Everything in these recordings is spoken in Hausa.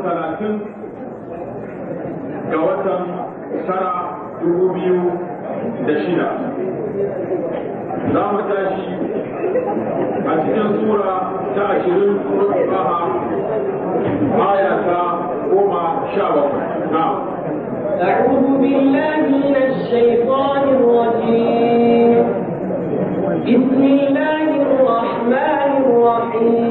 وثلاثين كوتم سرع دوبيو دشينا زامر تاشي أتكن سورة تاشرين فرقها آية وما شابه نعم أعوذ بالله من الشيطان الرجيم بسم الله الرحمن الرحيم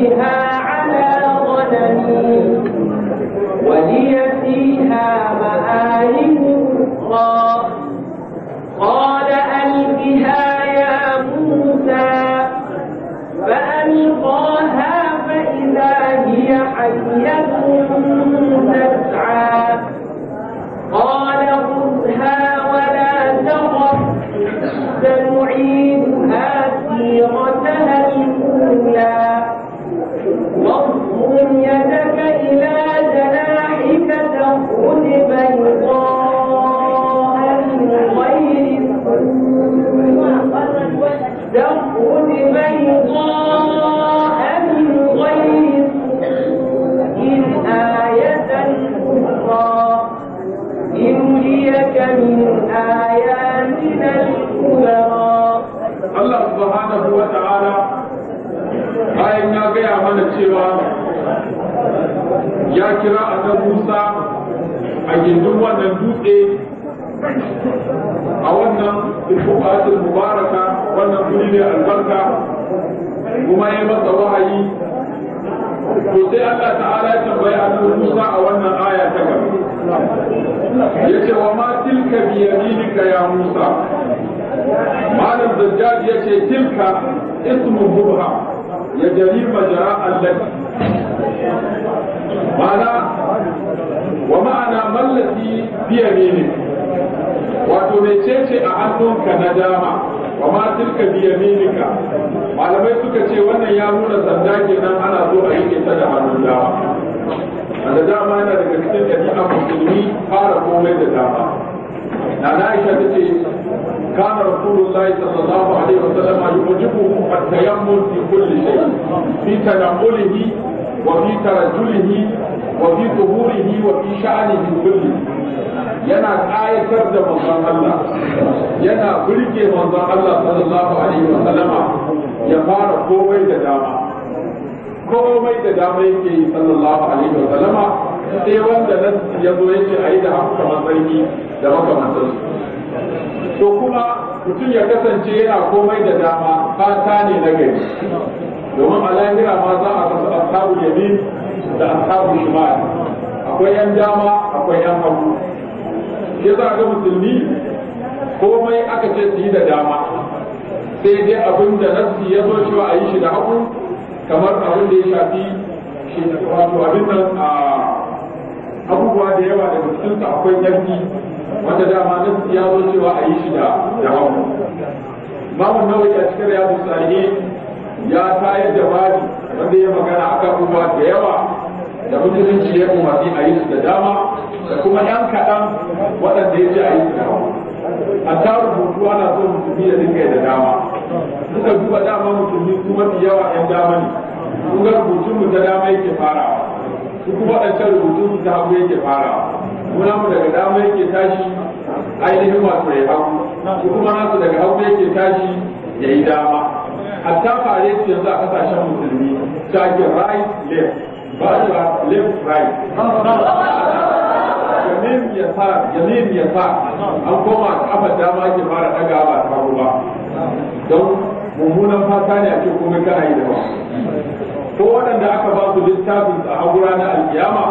بها على غنمي ولي ya kira a kan Musa a gindin wannan dutse a wannan ifuqatul mubaraka wannan kudi ne albarka kuma ya masa wahayi to sai Allah ta'ala ya tambayi annabi Musa a wannan aya ta gaba yace wa ma tilka bi yaminika ya Musa malam zajjaj yace tilka ismu bubha ya jarima jara allati ma'ana wa ma'ana mallaki biya ne wato mai cece a hannunka na dama wa ma tilka biya ka malamai suka ce wannan ya nuna sanda kenan ana zo a yi ta da hannun dama da dama yana daga cikin ɗabi'a musulmi fara komai da dama na na aisha ta ce kana rasulullahi sallallahu alaihi wasallam yujibu at-tayammum fi kulli shay fi tanawulihi وفي ترجله وفي ظهوره وفي شأنه كله yana ƙayatar da manzon Allah yana burge manzon Allah sallallahu alaihi wa sallama ya fara komai da dama komai da dama yake yi sallallahu alaihi wa sallama sai wanda nan ya zo yake a yi da haka kamar da makamantar to kuma mutum ya kasance yana komai da dama fata ne na gari domin a lahira ma za a kasu ashabu yamin da ashabu shimal akwai yan dama akwai yan hagu Ya za ga musulmi komai aka ce su yi da dama sai dai abin da nasi ya zo cewa a yi shi da hagu kamar abin da ya shafi shi wato abin nan a abubuwa da yawa da cikin akwai yanki wata dama nasi ya zo cewa a yi shi da hagu mamun nawawi a cikin riyadu salihin ya tayar da wani wanda ya magana kan abubuwa da yawa da mutunci ya umarni a yi su da dama da kuma yan kaɗan waɗanda ya ce a yi su da a tarin rubutu ana so musulmi ya dinga da dama suka duba dama mutumi kuma mafi yawa yan dama ne kun ga rubutun mu ta dama yake farawa su kuma waɗancan rubutun mu ta hagu yake farawa muna mu daga dama yake tashi ainihin masu rai hagu su kuma nasu daga hagu yake tashi ya yi dama hatta fare su yanzu a kasashen musulmi ta ke right left ba ta left right yamin ya sa yamin ya sa an koma kafa dama ke fara daga ba ta ba don mummunan fata ne a ce kuma kana yi da ba ko waɗanda aka ba su littafin a haura na alkiyama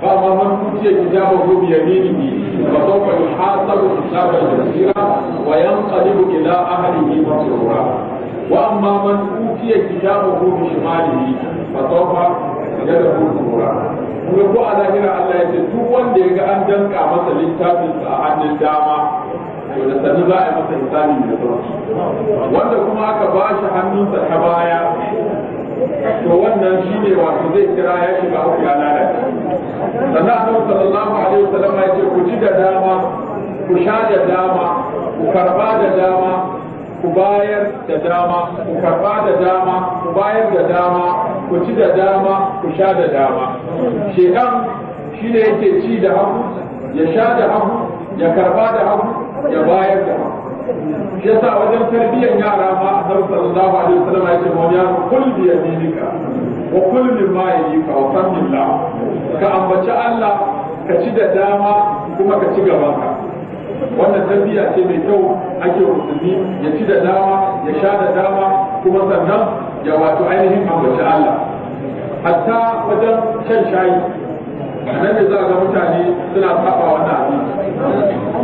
ba ma man kuce kitaba ko bi yaminihi wa sawfa yuhasabu hisaban yasira wa yanqalibu ila ahlihi masrura وأما من أوتي كتابه بشماله فسوف يدعو ثبورا kuma ko a zahira Allah ya ce duk wanda ya ga an danka masa littafin a hannun dama to da yi masa hisabi da sauki wanda kuma aka ba shi hannunsa ta baya to wannan shine wato zai kira ya shiga uku ya lalace sannan annabi sallallahu alaihi ya ce ku ci da dama ku sha da dama ku karba da dama ku bayar da dama ku karba da dama ku bayar da dama ku ci da dama ku sha da dama shekan shi ne yake ci da hagu ya sha da hagu ya karba da hagu ya bayar da hagu shi yasa wajen tarbiyyar yara ma a nan sallallahu alaihi wasallam ya ce ma ya kul wa kul ma ma yamika wa kan ka ambaci Allah ka ci da dama kuma ka ci gaban ka wannan tarbiyya ce mai kyau ake musulmi ya ci da dama ya sha da dama kuma sannan ya wato ainihin ambaci Allah hatta wajen shan shayi nan ne za ga mutane suna saba wannan abin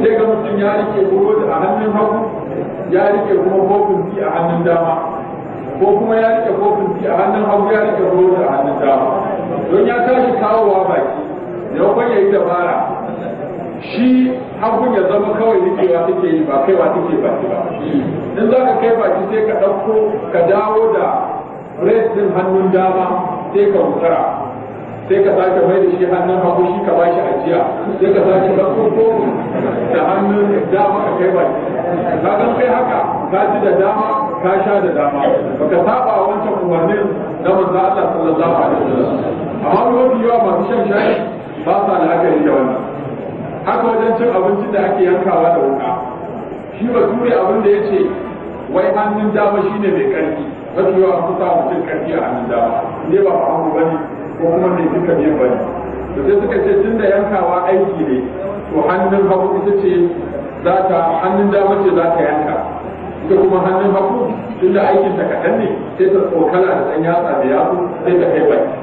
sai ga mutum ya rike burodi a hannun hagu ya rike kuma kofin ti a hannun dama ko kuma ya rike kofin ti a hannun hagu ya rike burodi a hannun dama don ya tashi kawowa baki da ya yi dabara shi hagun ya zama kawai rikewa take yi ba kaiwa take baki ba in za ka kai baki sai ka ɗauko ka dawo da ɗin hannun dama sai ka wutsara sai ka sake mai da shi hannun hagu shi ka bashi ajiya sai ka sake ɗauko ko da hannun dama ka kai baki ka san kai haka ka ji da dama ka sha da dama baka saba wancan umarnin na manzo Allah sallallahu alaihi wasallam amma wani yawa masu shan shayi ba sa da la'akari da wannan haka wajen cin abincin da ake yankawa da wuka shi ba ture abin da ya ce wai hannun dama shi ne mai karfi ba su yawa kusa samu karfi a hannun dama ne ba ba hannu bane ko kuma ne duka biyan bane da sai suka ce tun da yankawa aiki ne to hannun hagu ita ce za ta hannun dama ce za ta yanka ita kuma hannun hagu tun da aikin ta kaɗan ne sai ta tsokala da ɗan yatsa da yatsu sai ta kai baki.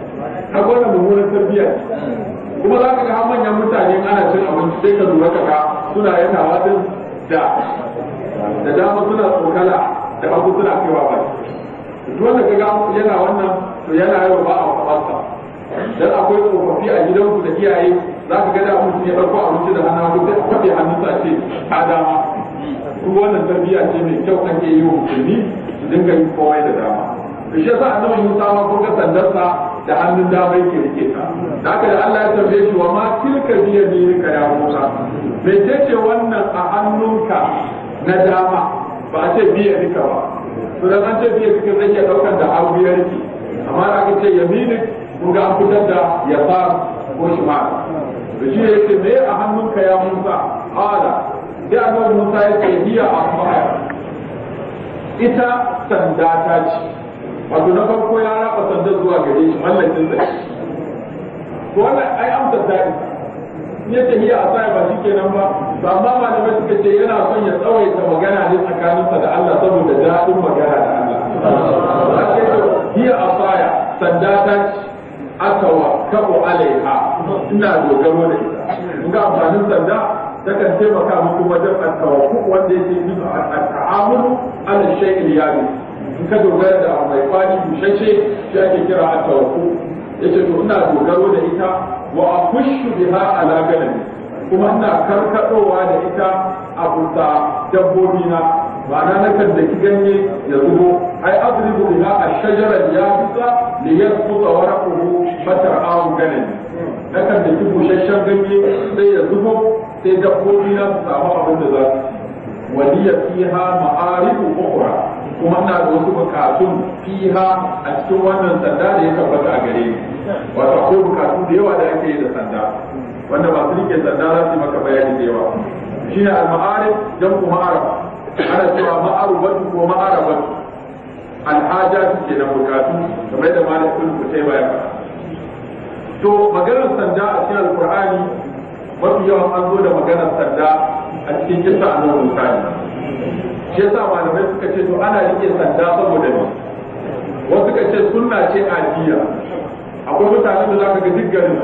Haka wannan mummunan tarbiyya kuma za ka ga manyan mutane ana cin abinci sai ka lura ka ga suna yana wadin da da dama suna tsokala da abu suna kaiwa ba duk wanda ka ga yana wannan to yana yawa ba a kwabarsa dan akwai tsofaffi a gidanku da iyaye za ka ga da mutum ya a abinci da hannu ko sai hannu hannunsa ce a dama duk wannan tarbiyya ce mai kyau ake yi wa musulmi su dinga yin komai da dama. Shi yasa annabi Musa ma ko ka sandarsa da hannun dama ke rike ta da aka da Allah ya tambaye shi wa ma tilka biya ne ka ya Musa me ce wannan a hannunka na dama ba ce biya rika ba to da an ce biya nika zai iya daukar da abu ya rike amma da aka ce yamini mun ga an fitar da ya fa ko shi ma to shi yake me a hannunka ya Musa ala da annabi Musa yake biya amma ita sanda ta ce wato na farko ya raba sandar zuwa gare shi mallakin sa to wannan ai amsa ta ya a sai ba nan ba ba ma malamai suka ce yana son ya tsawaita magana ne tsakaninsa da Allah saboda dadin magana da Allah ake to hiya asaya sanda ta akawa kabo alaiha ina dogaro da ita in ga amfanin sanda takan taimaka muku wajen attawa wanda yake nuna a ta'amulu ala shay'il yabi in ka dogara da mai kwaci bushashe shi ake kira a Ya ce to ina dogaro da ita wa akushu biha ala galami kuma ina karkadowa da ita a buta dabbobi na ma'ana na kan da ganye ya zubo ai adribu biha ash-shajara yabisa li yasquta warquhu fatar'ahu galami na kan da bushashen ganye sai ya zubo sai dabbobi na su samu abin da za su waliya fiha ma'arifu ukhra kuma ina da wasu bukatun fiha a cikin wannan sanda da ya tabbata a gare ni wato ko bukatu da yawa da ake yi da sanda wanda masu rike sanda za su maka bayani da yawa shi ne al-ma'arif jam'u arab ana cewa ma'arubatu ko ma'arabatu alhaja suke da bukatu kamar da malik kullu sai bayan to maganar sanda a cikin al al-qur'ani mafi yawan an zo da maganar sanda a cikin kisa annabi Musa shi yasa malamai suka ce to ana rike sanda saboda ne wasu suka ce sunna ce adiya akwai mutane da zaka ga duk garin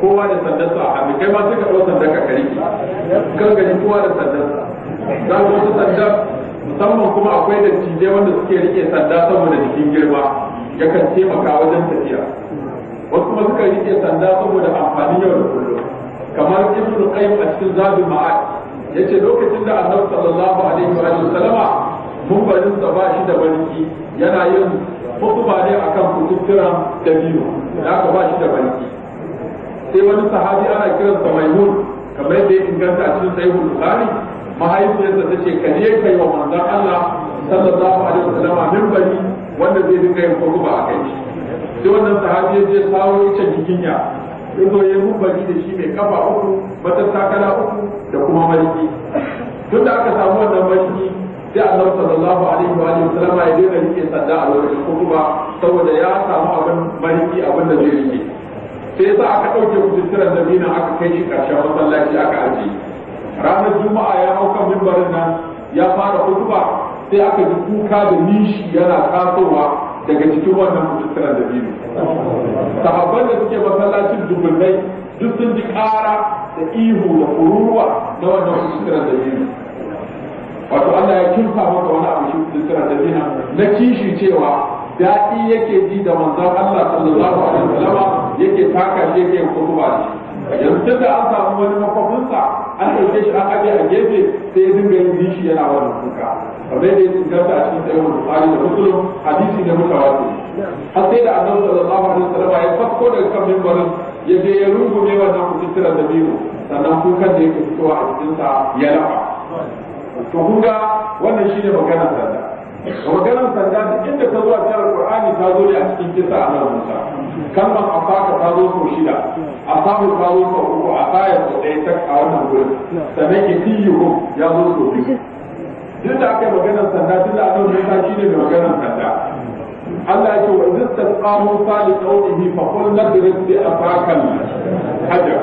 kowa da sandar sa a hannu kai ma sai ka sanda sandar ka kari kan gari kowa da sandar sa za ku sanda musamman kuma akwai da tije wanda suke rike sanda saboda jikin girma yakan taimaka wajen tafiya wasu kuma suka rike sanda saboda amfanin yau da kullum kamar ibnu qayyim a cikin zabin ma'ad yace lokacin da annabi sallallahu alaihi wa sallama mumbarin sa ba shi da barki yana yin hutuba ne akan da dabino da aka ba shi da barki sai wani sahabi ana kiransa maimun kamar yadda ya inganta cikin sahihul bukhari mahaifiyarsa ta ce ka je kai wa manzon Allah sallallahu alaihi wa sallama bari, wanda zai dinga yin hutuba a kai shi sai wannan sahabi ya je sawo ya ce jikinya ya zo ya ji da shi mai kafa uku matattakala uku da kuma mariki tun da aka samu wannan mariki sai Allah sallallahu alaihi wa alihi wasallam ya daina rike sanda a lokacin ko saboda ya samu abin mariki abin da zai rike sai yasa aka dauke da dabina aka kai shi karshen masallaci aka aje ranar juma'a ya hau kan mimbarin nan ya fara kutuba sai aka ji kuka da nishi yana kasowa. daga cikin wannan mutuntunan da biyu sahabban da suke masallacin dubullai duk sun ji ƙara da ihu da kururuwa na wannan mutuntunan da biyu wato Allah ya kimfa maka wani abu shi mutuntunan da biyu na kishi cewa daɗi yake ji da manzan Allah sallallahu alaihi wasallam yake taka shi yake kutuba shi yanzu da an samu wani mafafinsa an ɗauke shi an ajiye a gefe sai ya dinga yin nishi yana wani kuka kamar yadda ya inganta a cikin sayyid bukhari da muslim hadisi da mutawatir har sai da annabi sallallahu alaihi wasallam ya fakko daga kan mimbarin ya je ya rungume wannan kututtira da biyu sannan kukan da yake fitowa a cikin sa ya lafa to kun ga wannan shine maganar sanda maganar sanda duk inda ta zo a cikin alqur'ani ta zo ne a cikin kisa a annabi Musa kalmar afaka ta zo sau shida asabu ta zo sau uku asaya sau ɗaya ta a wannan gurin sannan ke tiyu ya zo sau biyu duk da aka yi maganar sanda duk da annabi shi ne mai maganar sanda Allah ya ce wa idan ta tsamo li qaumihi fa kullu nadri bi afakal hajar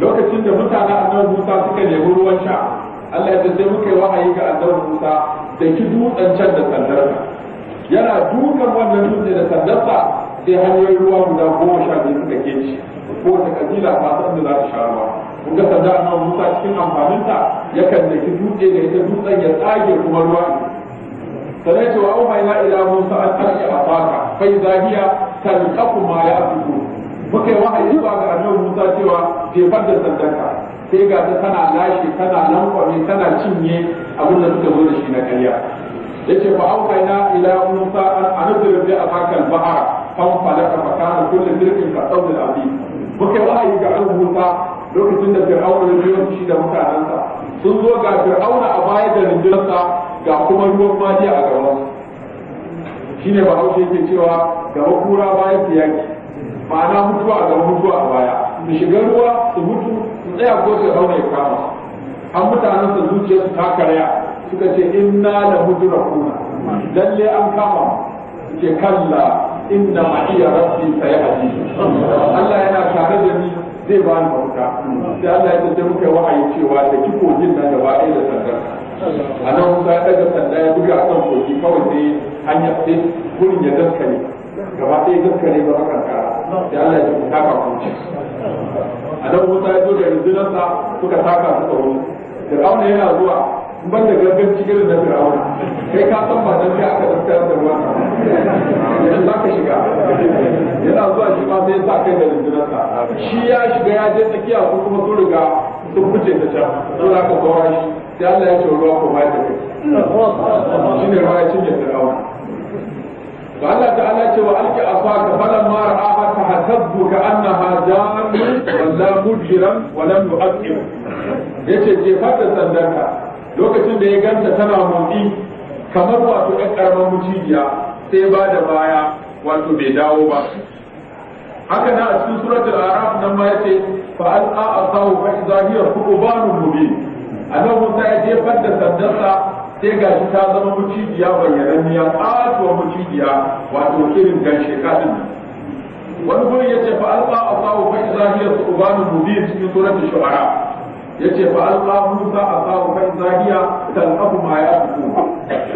lokacin da mutanen annabi Musa suka nemi ruwan sha Allah ya ce sai muka yi wahayi ga annabi Musa da ki dutsen can da sandarsa yana dukan wannan dutse da sandarsa sai hanyoyin ruwa guda goma sha biyu suka ke ko da kabila ba san da za ta sha ruwa kun ga sanda a musa cikin amfaninta yakan da ki dutse da ita dutsen ya tsage kuma ruwa sanai ce au umai na ila musa an tsage a baka fai zahiya talqafu ma ya afiku muke yi wahayi zuwa ga annabi musa cewa jefar da sandanka sai ga ta tana lashe tana lankwame tana cinye abin da suka zo da shi na karya yace fa na ila musa an anzir bi afakal bahara fa falaka fa kana kullu firqin ka tawil azim muka yi ga an Musa lokacin da Fir'auna ya biyo shi da mutanensa sun zo ga Fir'auna a baya da rinjinsa ga kuma ruwan madiya a gaban shine ba haushe yake cewa gaba makura baya su yaki ma'ana mutuwa ga mutuwa a baya su shiga ruwa su mutu su tsaya ko su hauna ya kama an mutanen su zuciya su ta karya suka ce inna da kuna lalle an kama ce kalla inna ma'iya rabbi sayahdi Allah yana tare da ni zai ba ni mafita sai Allah ya ce muka wahayi cewa da kiko jin nan gaba ɗaya da sandar a nan Musa ya daga sanda ya buga a kan koki kawai sai hanyar sai gurin ya daskare gaba ɗaya daskare ba kan kara sai Allah ya ce ku taka ku a nan Musa ya zo da rundunarsa suka taka su tsaro da kawai yana zuwa ban da ganganci irin na fir'auna kai ka san ba dan sai aka dauka da ruwa Idan za ka shiga yana zuwa shi ma sai sa kai da rundunarsa shi ya shiga ya je tsakiya ko kuma sun riga sun fice ta can sun aka zaura shi sai Allah ya ce ruwa ko ba ta tafi shi ne ruwa ya cinye fir'auna Ba Allah ta ta'ala ce wa alki ka falan ma ra'aha ka hasabbu ka annaha jamun walla mudjiran wa lam yu'aqib yace jefar da sandarka lokacin da ya ganta tana motsi kamar wato ɗan ƙaramin mucijiya sai ba da baya wato bai dawo ba haka na a cikin suratul araf nan ma yace fa alqa asahu fa idza hiya qurbanun mubin annabi Musa ya jefar da sandarsa sai gashi ta zama mucijiya bayyananniya ƙatuwa mucijiya wato irin ganshe kadin wani gurin yace fa alqa asahu fa idza hiya qurbanun mubin cikin suratul shu'ara yace fa Allah Musa asahu kan zahiya abu ma ya yaqu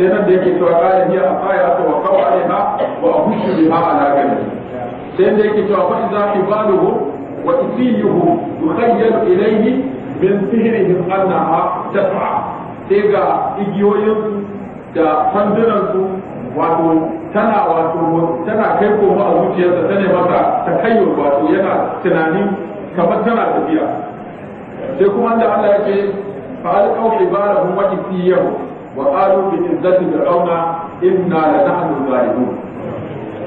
sai nan da yake cewa qala hiya afaya ta wa qawaiha wa ahushu biha ala gani sai da yake cewa fa idza ibaluhu wa isiyuhu yukhayyal ilayhi min sihrihim annaha tas'a sai ga igiyoyin da sandunan su wato tana wato tana kai koma a zuciyarsa ta ne masa ta kayyar wato yana tunanin kamar tana tafiya sai kuma da Allah ya ce fa alqaw ibarahum wa ifiyahu wa qalu bi izzati fir'auna inna la nahnu zalimun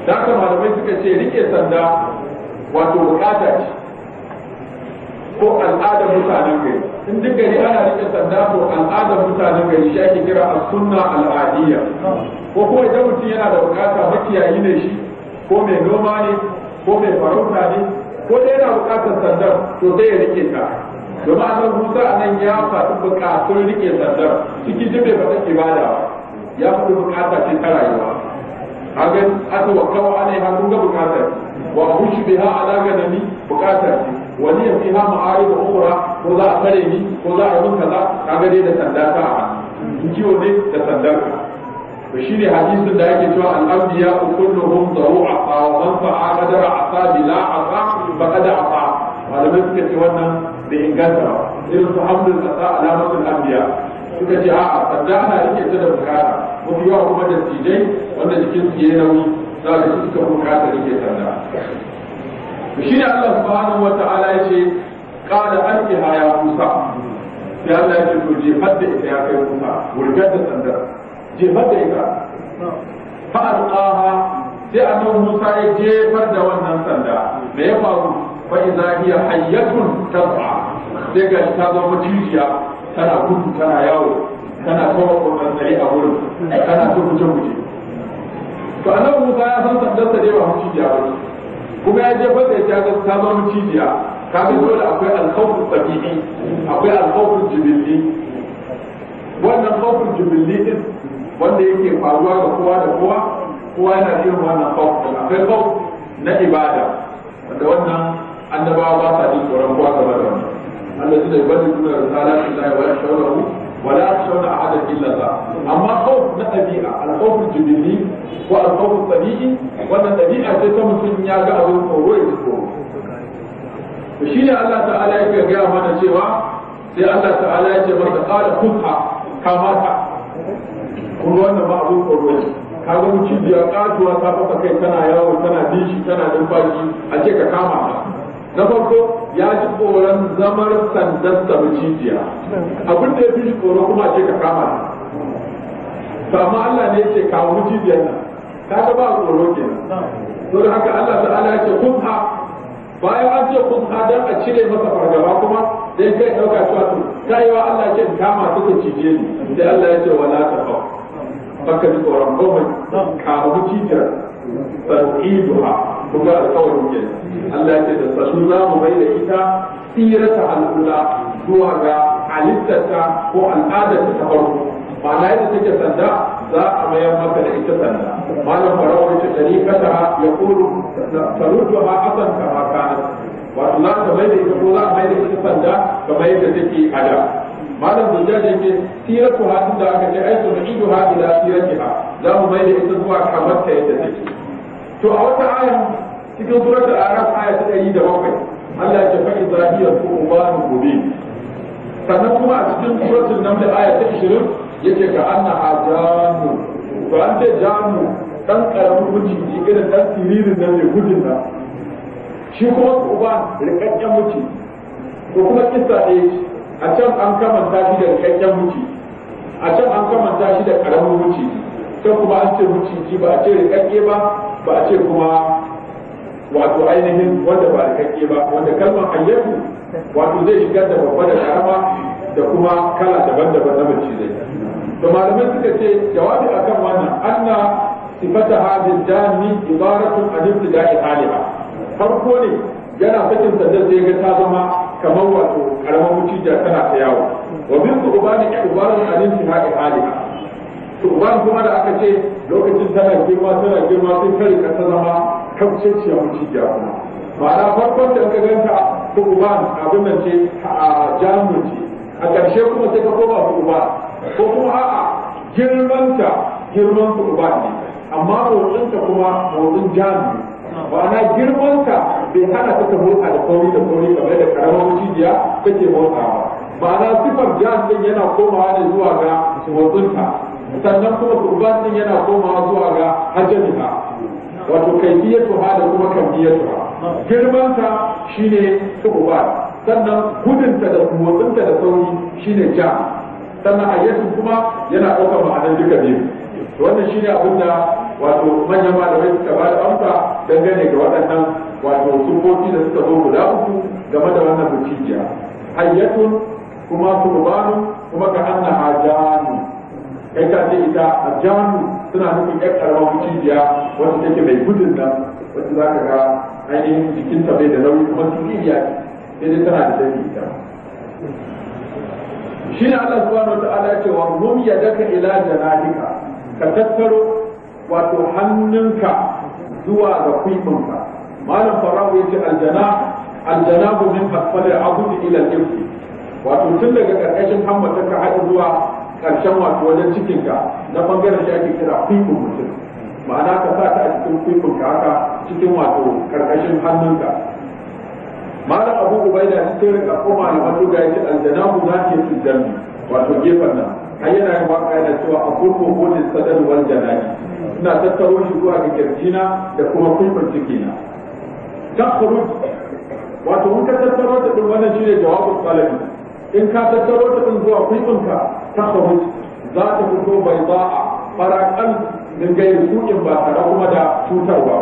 da ka malamai suka ce rike sanda wato bukata ce ko al'ada mutanen gari in duk gari ana rike sanda ko al'ada mutanen gari shi ake kira as-sunna al'adiyya ko kuma idan mutum yana da bukata makiyayi ne shi ko mai noma ne ko mai farauta ne ko dai yana bukatar sandar to sai ya rike ta domin annabi Musa a nan ya faɗi bukatun rike sandar cikin jibe ba take bada ya faɗi bukata ce ta rayuwa hagan aka wakawa ana yi hannun ga bukatar wa hushi biha ala ganami bukatar ce wani ya fi ha da ukura ko za a tare ni ko za a yi kaza kaga gade da sanda ta a hannu kiwo ne da sandar ka shi ne hadisin da yake cewa al-anbiya kulluhum daru'a wa man fa'a qadara asa bila asa faqad asa malamai suka ce wannan da inganta irin su hamdul kasa alamatul anbiya suka ce a'a sanda ana rike ta da bukata mafi yawa kuma da tijai wanda jikin su yayi nauyi za ka ci suka bukata rike sanda to shi ne Allah subhanahu wa ta'ala ya ce qala alqiha ya musa sai Allah ya ce to je fadda ita ya kai musa wurgar da sanda je fadda ita fa alqaha sai annabi musa ya jefar da wannan sanda me ya faru فإذا هي حية tana دقا tana جيجيا تنا كنت تنا ياو تنا توقف الزريع أول تنا توقف جوجي فأنا موسى يا سنة دسة دي وهم جيجيا kuma ya je fata ya ga ta zama cibiya kafin dole akwai alkhawfin tabi'i akwai alkhawfin jibilli wannan khawfin jibilli din wanda yake faruwa ga kowa da kowa kowa yana irin wannan khawfin akwai na ibada wanda wannan annabawa ba sa jin tsoron kowa kamar da wannan Allah zai bani kuna risalatin Allah wa yashawrahu wa la yashawra ahadan illa Allah amma khawf na tabi'a al-khawf al-jibili ko al-khawf tabii wannan tabi'a sai ta mutum ya ga abin tsoro ya tsoro to shine Allah ta'ala yake ga mana cewa sai Allah ta'ala ya ce masa qala kunta kamata kun wannan ba abin tsoro ne kaga mu cibiya katuwa ta fasa kai tana yawo tana dishi tana numfashi a ce ka kama ta na farko ya ji tsoron zamar sandan sa cijiya. abin da ya fi shi tsoro kuma ce ka kama ba ma Allah ne ce kawo macijiyar nan ga ba tsoro ke nan da haka Allah ta'ala ya ce kun ha bayan an ce kun ha dan a cire masa fargaba kuma ya kai dauka cewa to yi wa Allah ce kama suka cije ni sai Allah ya ce wala ta fa baka ji tsoron komai kawo macijiyar tsarki duha kun ga alƙawarin ke Allah ya ce da sassu za mu bai da ita sirata al'ula zuwa ga halittarta ko al'adar ta farko na yadda take sanda za a mayar maka da ita sanda malam farawar ta tarikata ya kulu salutu ha asan ka ma kana wato za ta bai da ita ko za a mai da ita sanda kamar yadda take a da malam zujja da yake siratu ha da aka ce ai sunu idu ha ila ha. za mu mai da ita zuwa kamar ta yadda take to a wata aya cikin suratul araf aya ta 107 Allah ya fa izahiyar ku ubanu gobe sannan kuma a cikin suratul naml aya ta 20 yake ka anna hajanu to an ce jamu dan karamin mutum irin dan siririn nan ne gudun nan shi kuma uba rikakken mutum ko kuma kissa ne a can an kamanta shi da rikakken mutum a can an kamanta shi da karamin mutum sai kuma an ce mutum ba a ce rikakke ba ba a ce kuma wato ainihin wanda ba rikakke ba wanda kalmar ayyatu wato zai shigar da babba da karama da kuma kala daban-daban na mace zai to malamai suka ce jawabi akan wannan anna sifata hadin jami ibaratun da ibtida'i haliha farko ne yana sakin sandar zai ga ta zama kamar wato karamar mucija tana ta yawo wa bin ku ubani ibaratun an ibtida'i haliha to uban kuma da aka ce lokacin tana girma tana girma sun kare ka ta zama kauceciya muciya kuma ma'ana farkon da ka ganta ko abin nan ce a jamu a ƙarshe kuma sai ka koma ku ko kuma a'a girmanta girman ku ne amma motsinta kuma motsin jamu ma'ana girmanta bai hana ta ta motsa da sauri da sauri kamar da karamar muciya kake motsawa ma'ana sifar jan yana komawa ne zuwa ga motsinta sannan kuma kurban din yana komawa zuwa ga hajjaliha wato kaifiyatu ha da kuma kan kamiyatu ha girman ta shine kurban sannan gudunta da motsinta da sauri shi ne ja sannan Ayyatu kuma yana ɗaukar ma'anar duka biyu wannan ne abin da wato manyan malamai suka ba da amsa dangane ga waɗannan wato sufofi da suka zo guda uku game da wannan mucijiya hayyatun kuma kurbanun kuma ka annaha janu kai ita a jami suna nufin yar karamar cibiya wacce take mai gudun nan wacce za ka ga ainihin jikinta bai da nauyi kuma cibiya ce sai tana da dangi ita shi ne Allah subhanahu wa ta'ala ya ce wa mum ila janahika ka tattaro wato hannunka zuwa ga kuibinka malam farahu ya ce aljana bu min asfali abu da ila wato tun daga karkashin ka haɗu zuwa karshen wato wajen cikinka na bangaren shi ake kira fikun mutum ma'ana ka sa ta a cikin fikun ka haka cikin wato karkashin hannunka malam abu ubaida cikin rika koma da wani ga yake aljanabu za ke su dalmi wato gefen nan har yana yin waka yana cewa a kurko kodin sadar wal janani ina tattaro shi zuwa ga kirjina da kuma fikun cikina takhruj wato mun ka tattaro ta ɗin wannan shine jawabin kwalabi in ka tattaro ta ɗin zuwa fikun ka تخرج ذات فتو بيضاء فراقل من غير سوء با ترى kuma da cutarwa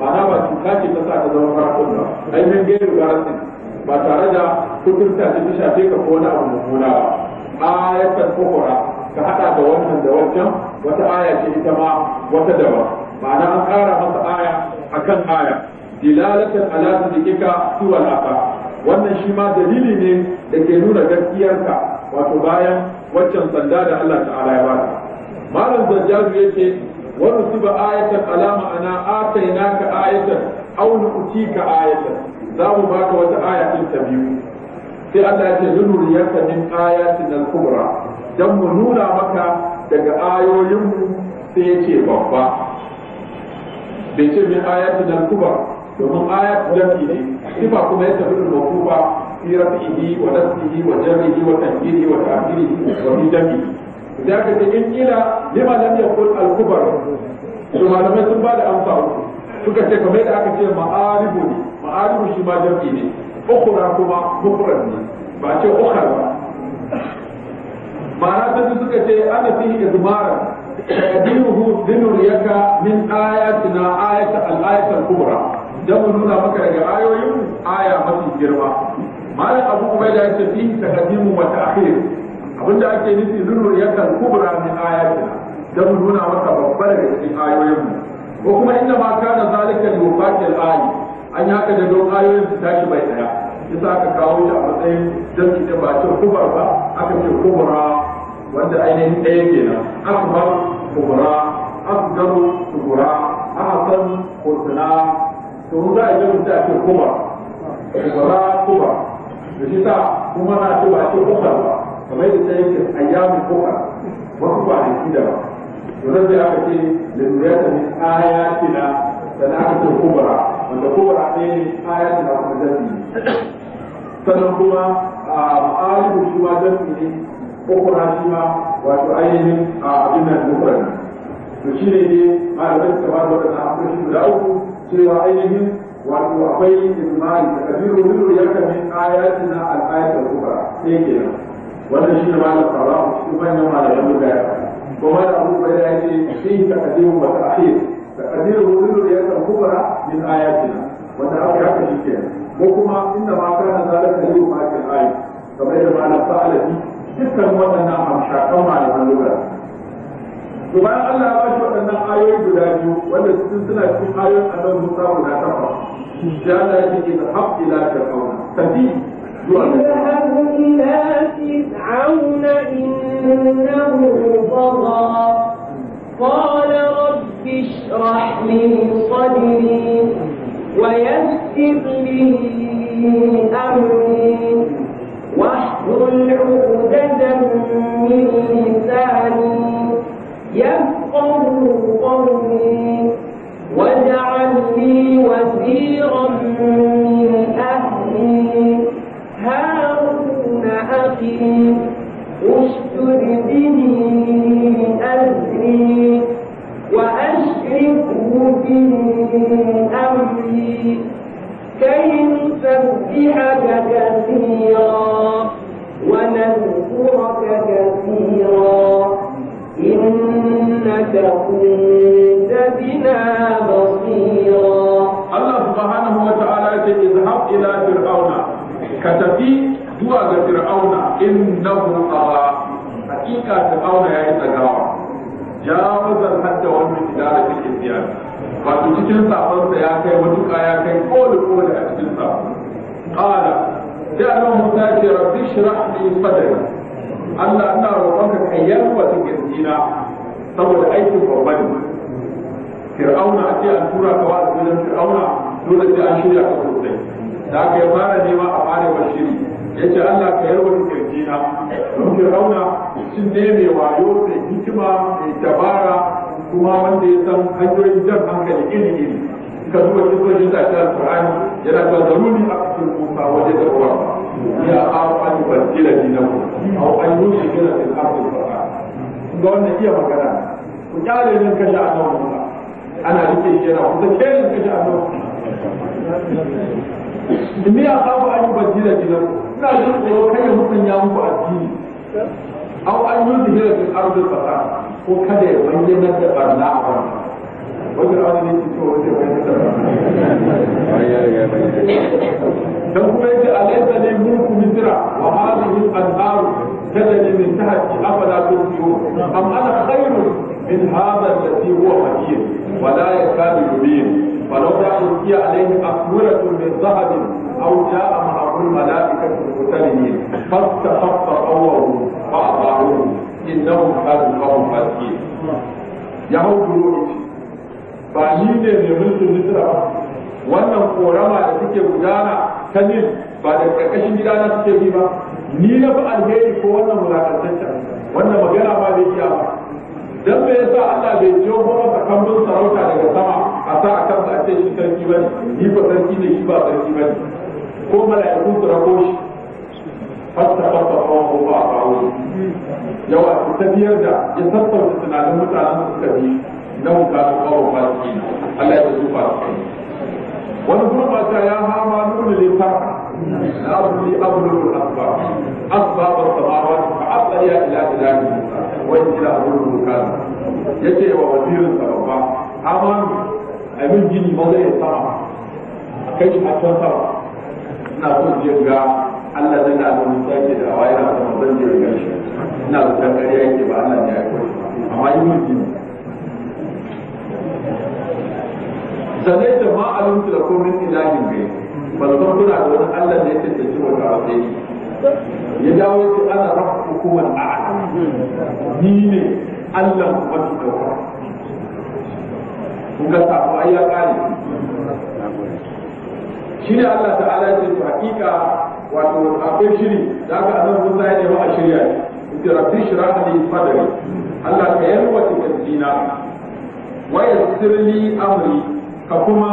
ba ma'ana ba cuta ce ta sa ta zama farakun ba ai min gairu garasin ba tare da hukunta ta ta shafe ka ko wani abu mummuna ba ayatul ukhra ka hada da wannan da wancan wata aya ce ita ma wata daban ma'ana an kara masa aya akan aya dilalatan ala sidqika tuwal aqa wannan shi ma dalili ne da ke nuna gaskiyarka wato bayan waccan sanda da Allah ta'ala ya bada malam zajjaju yake wa nusiba ayatan alama ana atainaka ayatan aw ka ayatan za mu baka wata aya ta biyu sai Allah ya ce lunuriyaka min ayatin al-kubra dan mu nuna maka daga ayoyinmu mu sai ya ce babba bai ce min ayatin al-kubra domin ayat dafi ne sifa kuma ya tafi mawqufa fi rafihi wa nafsihi wa jarrihi wa tanjirihi wa ta'khirihi wa fi dafi da ka ce in kila lima lam yakul al kubar to malamai sun bada amsa uku suka ce kamar da aka ce ma'aribu ne ma'aribu shi ma jam'i ne ukhra kuma mufrad ne ba ce ukhra ba ma'ana ta suka ce ana fihi izmaran تأديره ذنريك من آياتنا آية الآية الكبرى dan mu nuna maka daga ayoyin aya mafi girma malam abu ubaida yace fi takdimu wa ta'khir abinda ake nufi zurur yakan kubra min ayatina dan mu nuna maka babbar daga cikin ayoyin ko kuma inda ma kana zalika li al ayi an yi haka da don ayoyin su tashi bai daya yasa aka kawo shi a matsayin jami'i da ba ce kubar ba aka ce kubra wanda ainihin ɗaya kenan akbar kubra kubra da shi sa kuma na ce ba ce ukar ba kamar yadda ta yake ayyamin ukar wasu kwanaki da ba wannan da aka ce da duniya ta min ayatina na aka ce kubra wanda kubra ne ayatina kuma zafi sannan kuma a ma'alibu shi ma zafi ne ukura shi ma wato ainihin abin nan ukura ne to shi ne ne da kamar a akwai shi guda uku cewa ainihin wato akwai ismai da kabiru hudu ya kami ayati na al'ayatul kubra sai ke nan wannan shi ne malam farahu shi manyan malaman duka ya kuma da abubuwa ya ce shi ta kadiru wa ta'khir ta kadiru hudu ya kan kubra min ayatina wanda aka haka shi ke ko kuma inda ma kana da yau ma ke ayi kamar da malam fa'alabi dukkan waɗannan amshakan malaman duka to bayan Allah ya bashi waɗannan ayoyi guda biyu wanda su suna cikin ayoyin annabi Musa guda takwas sai Allah ya ce da hab ila fir'auna tafi zuwa ila fir'auna innahu tagha قال رب اشرح لي صدري ويسر لي أمري واحلل عقدة من لساني يفقه قولي واجعل لي وزيرا من أهلي هارون أخي اشتد به أزري وأشركه في أمري كي نسبحك كثيرا ونذكرك كثيرا innaka kunta bina basira Allah subhanahu wa ta'ala ya ce izhab ila fir'auna ka tafi zuwa ga fir'auna innahu tara hakika fir'auna yayi tsagawa ya wazar hatta wannan idara cikin siyasa wato cikin sa ya kai matuƙa ya kai kole kole a cikin safansa qala da Allah Musa ce rabbi shrah li sadri Allah ina roƙonka ka yarwa cikin dina saboda aikin babba ne fir'auna a ce an tura ka wa gidan fir'auna dole sai an shirya ka sosai da aka yi fara nema a fara shiri ya ce Allah ka yarwata kirjina don fir'auna shi ne mai wayo mai hikima mai dabara kuma wanda ya san hanyoyin jan hankali iri-iri ka zuwa cikin shi ta shi alfahari yana ta zaruri a cikin kusa wajen da ruwa ya a an yi bandila dinaku a gina da kafin fara ga wanda iya magana ku kyale nan kashe a nan wanda ana rike shi yana kusa kyale kashe a nan inni ya kawo an yi bajji da gidan ina jin tsoro kai ya mutum ya muku addini aw an yi zihirar da arzul fata ko kada ya bayyana da barna a wannan wajen an yi ci to wajen bayyana da barna dan kuma yake ne lil mulku misra wa hadhihi al-anharu تجد من تحت أفلا تبصرون أم أنا خير من هذا الذي هو مهين ولا يكاد يبين فلولا ألقي عليه أسورة من ذهب أو جاء معه الملائكة مقترنين فاستخف قومه فأطاعوه إنهم كانوا قوم فاسقين يهود روحي فأني ne mulkin Misra ba wannan korama da suke gudana ta Nil ba da ƙarƙashin gida na suke bi ba ni na fi alheri ko wannan wulakantaccen wannan magana ba zai iya ba dan me yasa Allah bai jiyo kuma kan kambun sarauta daga sama a sa a ba a ce shi sarki bane ni ba sarki ne shi ba sarki bane ko mala'iku su rako shi fasta fasta ko ba a yawa su biyar da ya sassauta tunanin mutanen su suka bi na mutanen kawo shi Allah ya zuba su wani kuma ba ta ya hama nuna ne farka na abuli abulul asba asba ba samawa fa asariya ila ilahi wani ila abulul ya ce wa wazirin sa babba hama abin gini ba zai sama a kai shi a can sama ina so je ga Allah zai da abin sake da wa yana da manzon da ya gashi ina da kariya yake ba Allah ne ya koyi amma yi mun gini sannan da ma alimtu da komai ilahin gai ba da san kuna da wani Allah da ya tantance wata ta sai ya dawo shi ana rafa hukumar a'a ni ne Allah mafi dauka kun ga sako ai ya kare shi ne Allah ta'ala ya ce hakika wato akwai shiri da aka annabi Musa ya nema a shirya ne da rabbi shirah li sadri Allah ka yarwata kantina wa yassir li amri ka kuma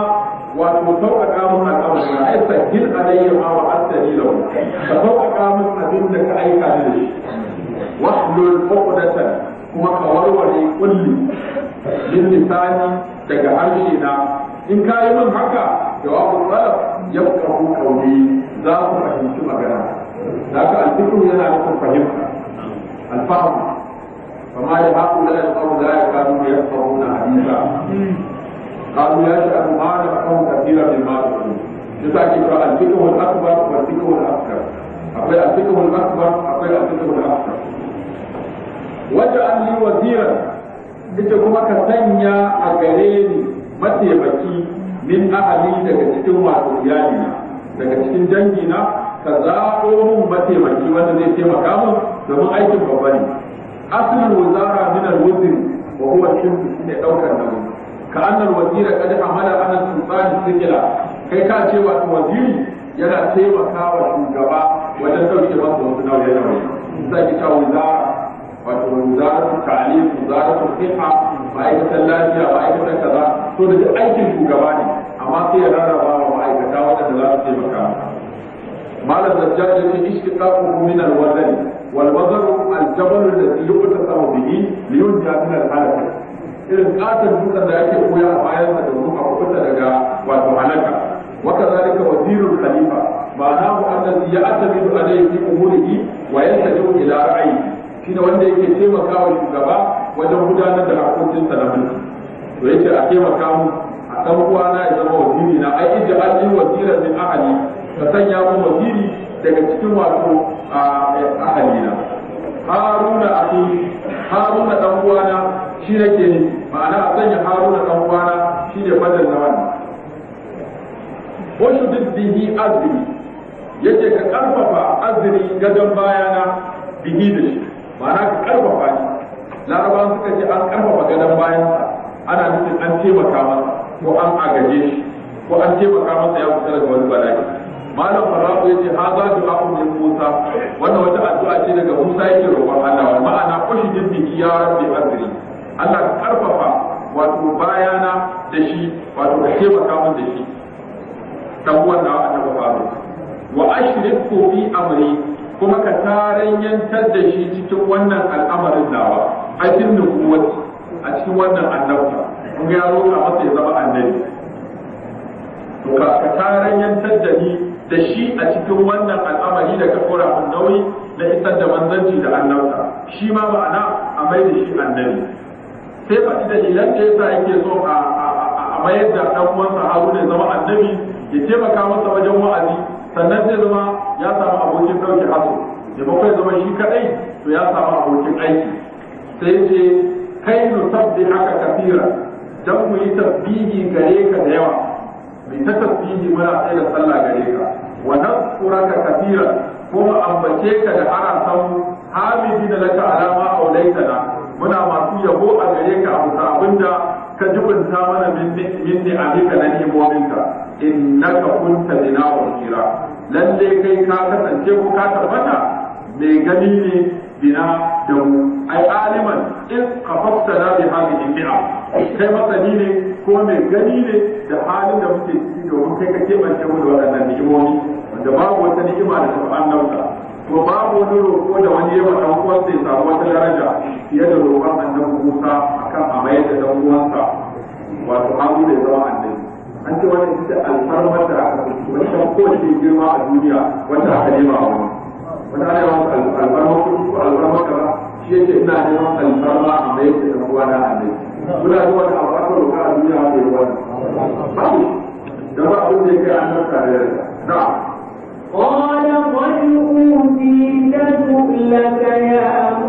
wato sauƙaƙa min al'amari na aisa alayya ma wa asali lahu ka sauƙaƙa mun abin da ka aika ni da shi wahlul kuma ka warware kulli min lisani daga harshe na in ka yi min haka jawabu talab yafqahu qawli za ku fahimci magana ka alfikru yana nufin fahimta alfahamu فما لهؤلاء القوم لا يكادون يفقهون حديثا قالوا يا شيخ ما نفقه كثيرا مما تقول yasa ake cewa al-fiqhu al-akbar wa al-fiqhu al-asghar akwai al-fiqhu akwai nake kuma ka sanya a gare ni mataimaki min ahali daga cikin masu iyalina daga cikin dangina ka zaɓo min mataimaki wanda zai taimaka min domin aikin babba ne asalin wazara min al wa kuma huwa shirku shine daukar nauyi ka annal wazira kada amala ana sultani sikila kai ka ce wa waziri yana taimakawa shugaba wajen dauke da wasu nauyi na wani sai ki ta wuzara wato wuzaratu ta'lim wuzaratu siha ma'aikatan lafiya ma'aikatan kaza to da aikin shugaba ne amma sai ya rarraba wa ma'aikata wadanda za su taimaka malam zajjar ya ce ishtiqaqu min al-wazn wal wazn al-jabal alladhi yuqtasamu bihi liyunja min al-halakah irin katon dutsen da yake koya a bayan sa domin a kuɓuta daga wato halaka wata zalika wazirul khalifa ma'anahu annazi ya atabidu alayhi fi umurihi wa yantajibu ila ra'ayi da wanda yake taimakawa shugaba wajen gudanar da harkokinsa na mulki to yake a taimaka mu a ɗan uwana ya zama waziri na ai ija an yi wazira min ahali ka sanya mu waziri daga cikin wato ahali na haruna haruna ɗan uwana shi nake ma'ana a sanya haruna ɗan kwana shi ne fadar na wani wasu bihi azri yake ka karfafa azri gadon bayana bihi da shi ma'ana ka karfafa shi laraba suka ce an karfafa gadon sa, ana nufin an taimaka masa ko an agaje shi ko an taimaka masa ya fita daga wani bala'i malam fara'u ya ce ha za ta ba min musa wannan wata addu'a ce daga musa yake roƙon allah ma'ana kushi jin ya rabbi azri Allah ka karfafa wato bayana da shi wato ka taimaka min da shi dan wannan annabi faru wa ashriku fi amri kuma ka tarayyantar da shi cikin wannan al'amarin dawa, a cikin nubuwati a cikin wannan annabta kun ga yaro ka masa ya zama annabi to ka tarayyantar da ni da shi a cikin wannan al'amari da ka kora min nauyi na isar da manzanci da annabta shi ma ma'ana a mai da shi annabi sai faɗi dalilan da yasa yake so a mayar da ɗan uwansa ya zama annabi ya taimaka masa wajen wa'azi sannan zai zama ya samu abokin ɗauke hasu ba kai zama shi kaɗai to ya samu abokin aiki sai ce kai sabbi haka kafira dan mu yi tasbihi gare ka da yawa mai ta tasbihi muna sai da sallah gare ka wa nasuraka kafira kuma ambace ka da ana hamidi da laka alama aulaitana muna masu yabo a gare ka a bisa abinda ka jibinta mana min ne abinka na nemominka innaka kunta bina wakira lalle kai ka kasance ko ka tabbata mai gani ne bina da mu ai aliman in kafafta na bi in ni'a kai masani ne ko mai gani ne da halin da muke ciki domin kai ka kebance mu da waɗannan ni'imomi wanda babu wata ni'ima da ta ko babu wani roƙo da wani yawa ɗan uwansa ya samu wata daraja fiye da roƙon annabi Musa akan a mayar da dan uwansa wato Harun da zama annabi an ce wannan ita alfarmar da aka fi wannan kowace girma a duniya wanda aka nema a wani wani ana yawan alfarmar kuɗi ko alfarmar kaza shi yake ina neman alfarma a mayar da dan uwana annabi kuna zuwa da abu aka roƙa a duniya a mayar wannan babu da ba abin da ya kai annabta da na na'am قال قد أوتيت سؤلك يا أبو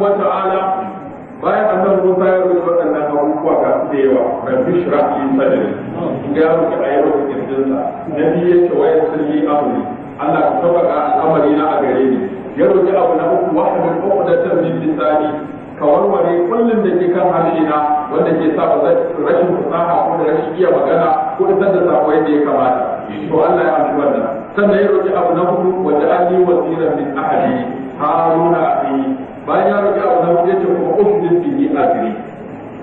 wa ta'ala bayan annan Musa ya rubuta waɗannan abubuwa ga su da yawa rabbi shrah li sadri ga ruka ayyuka kirjinsa nabi ya ce wa yasalli amri Allah ka sabaka al'amari na a gare ni ya roki abu na uku wa hadal uqdatan min lisani ka warware kullum da ke kan harshe na wanda ke sa rashin fasaha ko da rashin iya magana ko da sanda sako yadda ya kamata to Allah ya amshi wannan sannan ya roki abu na hudu wa ja'alni wasiran min ahli haruna akhi bayan ya roƙi abu na wuce kuma ufdin umm fili a asiri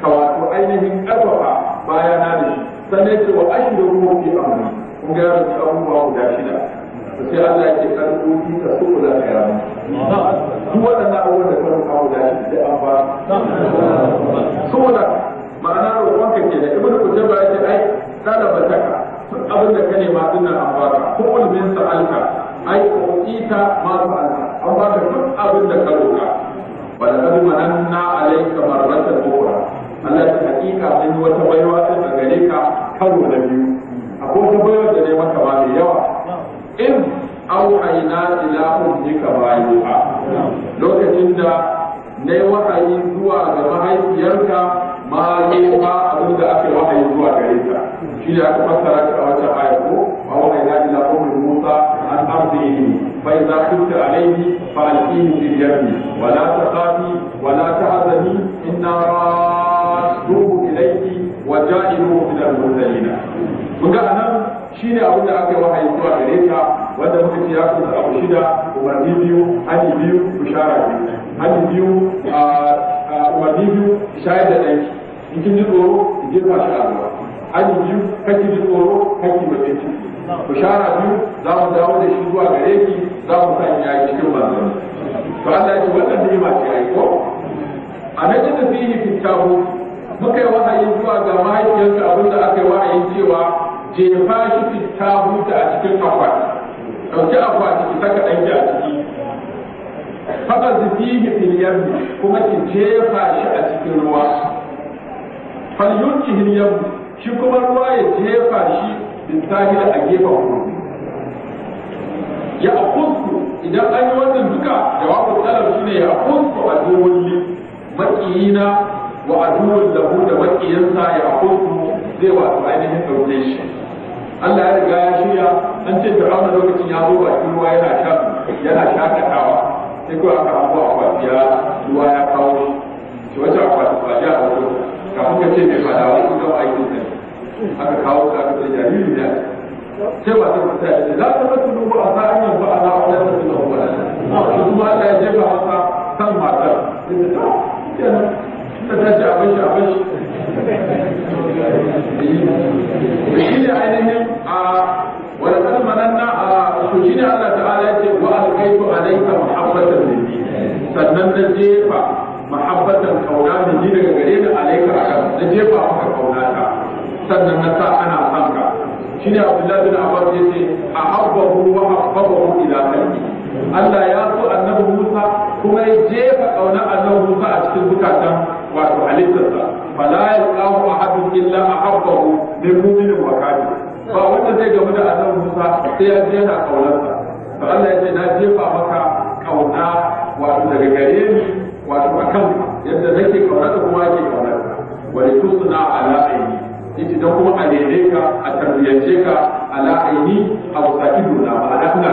ka wato ainihin ƙarfafa baya na da shi sannan ce wa ashiru ruhu fi amri kun ga yaro roƙi abubuwa guda shida sai Allah ke kan doki ka su kula da yaro yara duk waɗannan abubuwa da ka da guda shida an ba saboda ma'ana roƙonka ke da ibnu kutaiba ya ce ai talabataka duk abin da ka nema dinnan an ba ko ulmin sa'alka ai ko ita ma sa'alka an ba duk abin da ka roƙa ولقد مننا عليك مرة أخرى Allah ta hakika sun yi wata baiwa ta gare ka karo na biyu akwai wata baiwa da ne maka ba mai yawa in auhayna ila ummika bayuha lokacin da na wahayi zuwa ga mahaifiyarka ma yi ba abin da aka wahayi zuwa gare ta shi da aka fassara ta a wata aya ko na ila ummi musa an arzihi فإذا خفت عليه فألقيه في اليم ولا تخافي ولا تحزني إنا رادوه إليك وجائلوه من المرسلين kun ga anan shi ne abin da aka yi wahayi da gare ka wanda muka ce ya kusa abu shida umarni biyu hali biyu bishara biyu hali biyu umarni biyu da tsoro shi tsoro bishara biyu za mu dawo da shi zuwa gare ki za mu sanya ya cikin manzanni to Allah ya ce wannan ne ba ai aiko a nan da fihi fitabu muka yi wahayin zuwa ga mahaifiyarsa abinda aka yi wahayin cewa jefa shi fitabu ta a cikin akwati ɗauki akwati ki saka ɗanki a ciki faka zufihi filiyar yammi kuma ki jefa shi a cikin ruwa falyunki hil shi kuma ruwa ya jefa shi bisahila a gefen ku ya akunsu idan an yi wannan duka jawabu talab ne, ya akunsu a duwulli makiyina wa aduwul lahu da makiyansa ya akunsu zai wato ainihin ɗauke shi Allah ya riga ya shirya an ce fir'auna lokacin ya zo bakin ruwa yana shan yana shakatawa sai kawai aka hango akwati ya ruwa ya kawo shi wata akwati ba ja a wato kafin ka ce mai fadawa ita ba aikin aka kawo ka aka jariri da sai ba ta fita ya ce za ta rasu duba a sa an yanzu a wani ta suna wani da kuma ta ya jefa haka kan matar da ta kenan ta ta ce oh, abin shi abin shi shi ne ainihin a wani kalmanan na a shi ne Allah ta'ala ya ce wa alkaitu alaika muhabbatan nabi sannan na jefa mahabbatan kauna da ji daga gare da alaika akan na jefa maka kauna ta sannan na sa ana sanka shi ne abdullahi bin abbas ya ce a habbahu wa habbahu ila kalbi Allah ya so annabi Musa kuma ya jefa kauna annabi Musa a cikin zukatan wato halittarsa fala yaqahu ahadun illa ahabbahu min mu'minin wa kafir ba wanda zai gamu da annabi Musa sai ya jefa kaunarsa to Allah ya ce na jefa maka kauna wato daga gare ni wato akan yadda nake kauna da kuma ke kauna wa litusna ala Idan kuma a daidai ka a tarbiyyance ka ala aini a wasaki ba ma'ana ina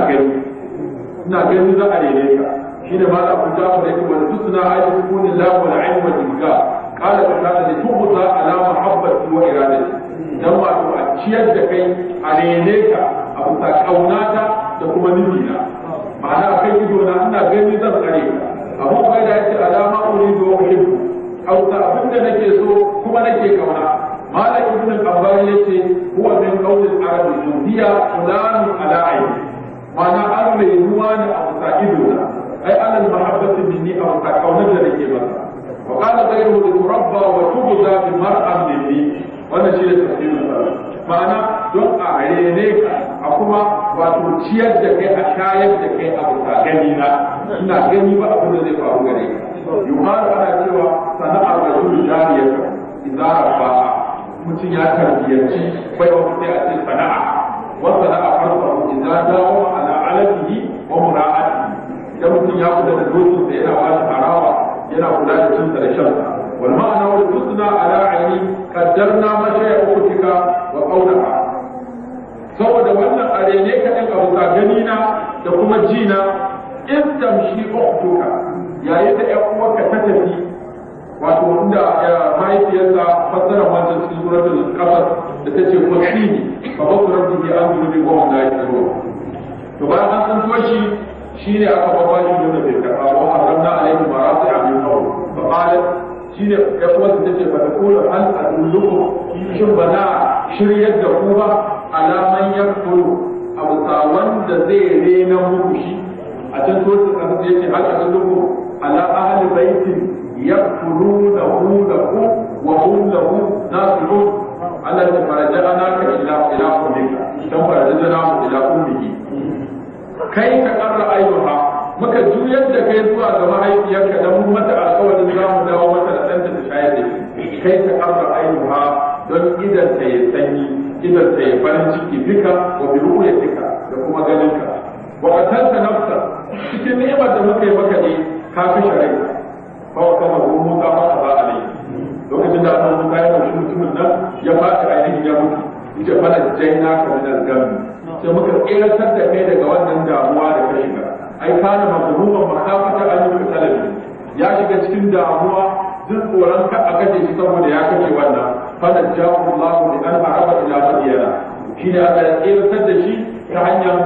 gani ina gani za a daidai ka shine ma da kunta mu yake wa tusna ayatu kulli lahu wal ilmu ka ibka qala fa ne li tuqta ala mahabbati wa iradati dan ma a ciyar da kai a daidai ka a kusa kaunata da kuma nufina ma'ana kai ido na ina gani zan tsare ka abu kai da yake alama uridu wa uhibbu auta da nake so kuma nake kauna قال ابن القبار yace هو من قول العرب هي فلان على عيني معنى أن mai ruwa ne a kusa ido na ai alal mahabbati minni a kusa kaunar da nake masa wa qala ghayru li turabba wa tubda bi mar'an minni wannan shi ne tafsirin sa ma'ana don a rene ka a kuma wato ciyar da kai a shayar da kai a kusa gani na ina gani ba abin da zai faru gare ka yuhar ana cewa sana'ar rajul jariyata idza rabbaha mutum ya tarbiyyanci bai wa mutum a ce sana'a wa sana'a farfa idza dawo ala alabihi wa mura'ati idan mutum ya kula da dokin da yana ba harawa yana kula da cin da shan wal ma'ana wal husna ala aini qaddarna ma shay'a utika wa qawlaha saboda wannan arene kaɗan abu gani na da kuma jina na in tamshi uktuka yayin da ƴan uwarka ta tafi wato inda mahaifiyarsa fassara wancan cikin suratul qasas da ta ce ne fa basara bihi an zubi wa wanda ya tsaro to bayan an san toshi shine aka babba shi da bai karba wa haramna alaihi marasi a biyu kawai fa shi ne ya kuma ta ce fa taqulu hal adullukum shi ba na shiryar da ku ba alaman yakfuru abu wanda zai rena muku shi a can toshi kan yace hal adullukum ala ahli baitin يقتلونه له وهم له ناصرون على فرجعناك إلى إلى أمك ثم رجعناه إلى أمه كيف قرر أيها muka juyar da kai zuwa ga mahaifiyarka da mun mata alƙawarin za mu dawo mata da ɗanta ta shayar da shi kai ta ƙarfa ayyuha don idan ta yi sanyi idan ta yi farin ciki duka wa bi ruya duka da kuma ganinka wa qatanta nafsa cikin ni'imar da muka yi maka ne ka fi shari'a fawa kana hu musa ba a ba lokacin da aka musa ya rubuta mutumin nan ya fada ainihin ya mutu ita fara jaina ka min al-gami sai muka tsiratar da kai daga wannan damuwa da ka shiga ai kana mazluman makafata an yi salafi ya shiga cikin damuwa duk tsoron ka a kashe shi saboda ya kashe wannan fara jawo Allah da an araba ila madiyana shi ne aka tsiratar da shi ta hanyar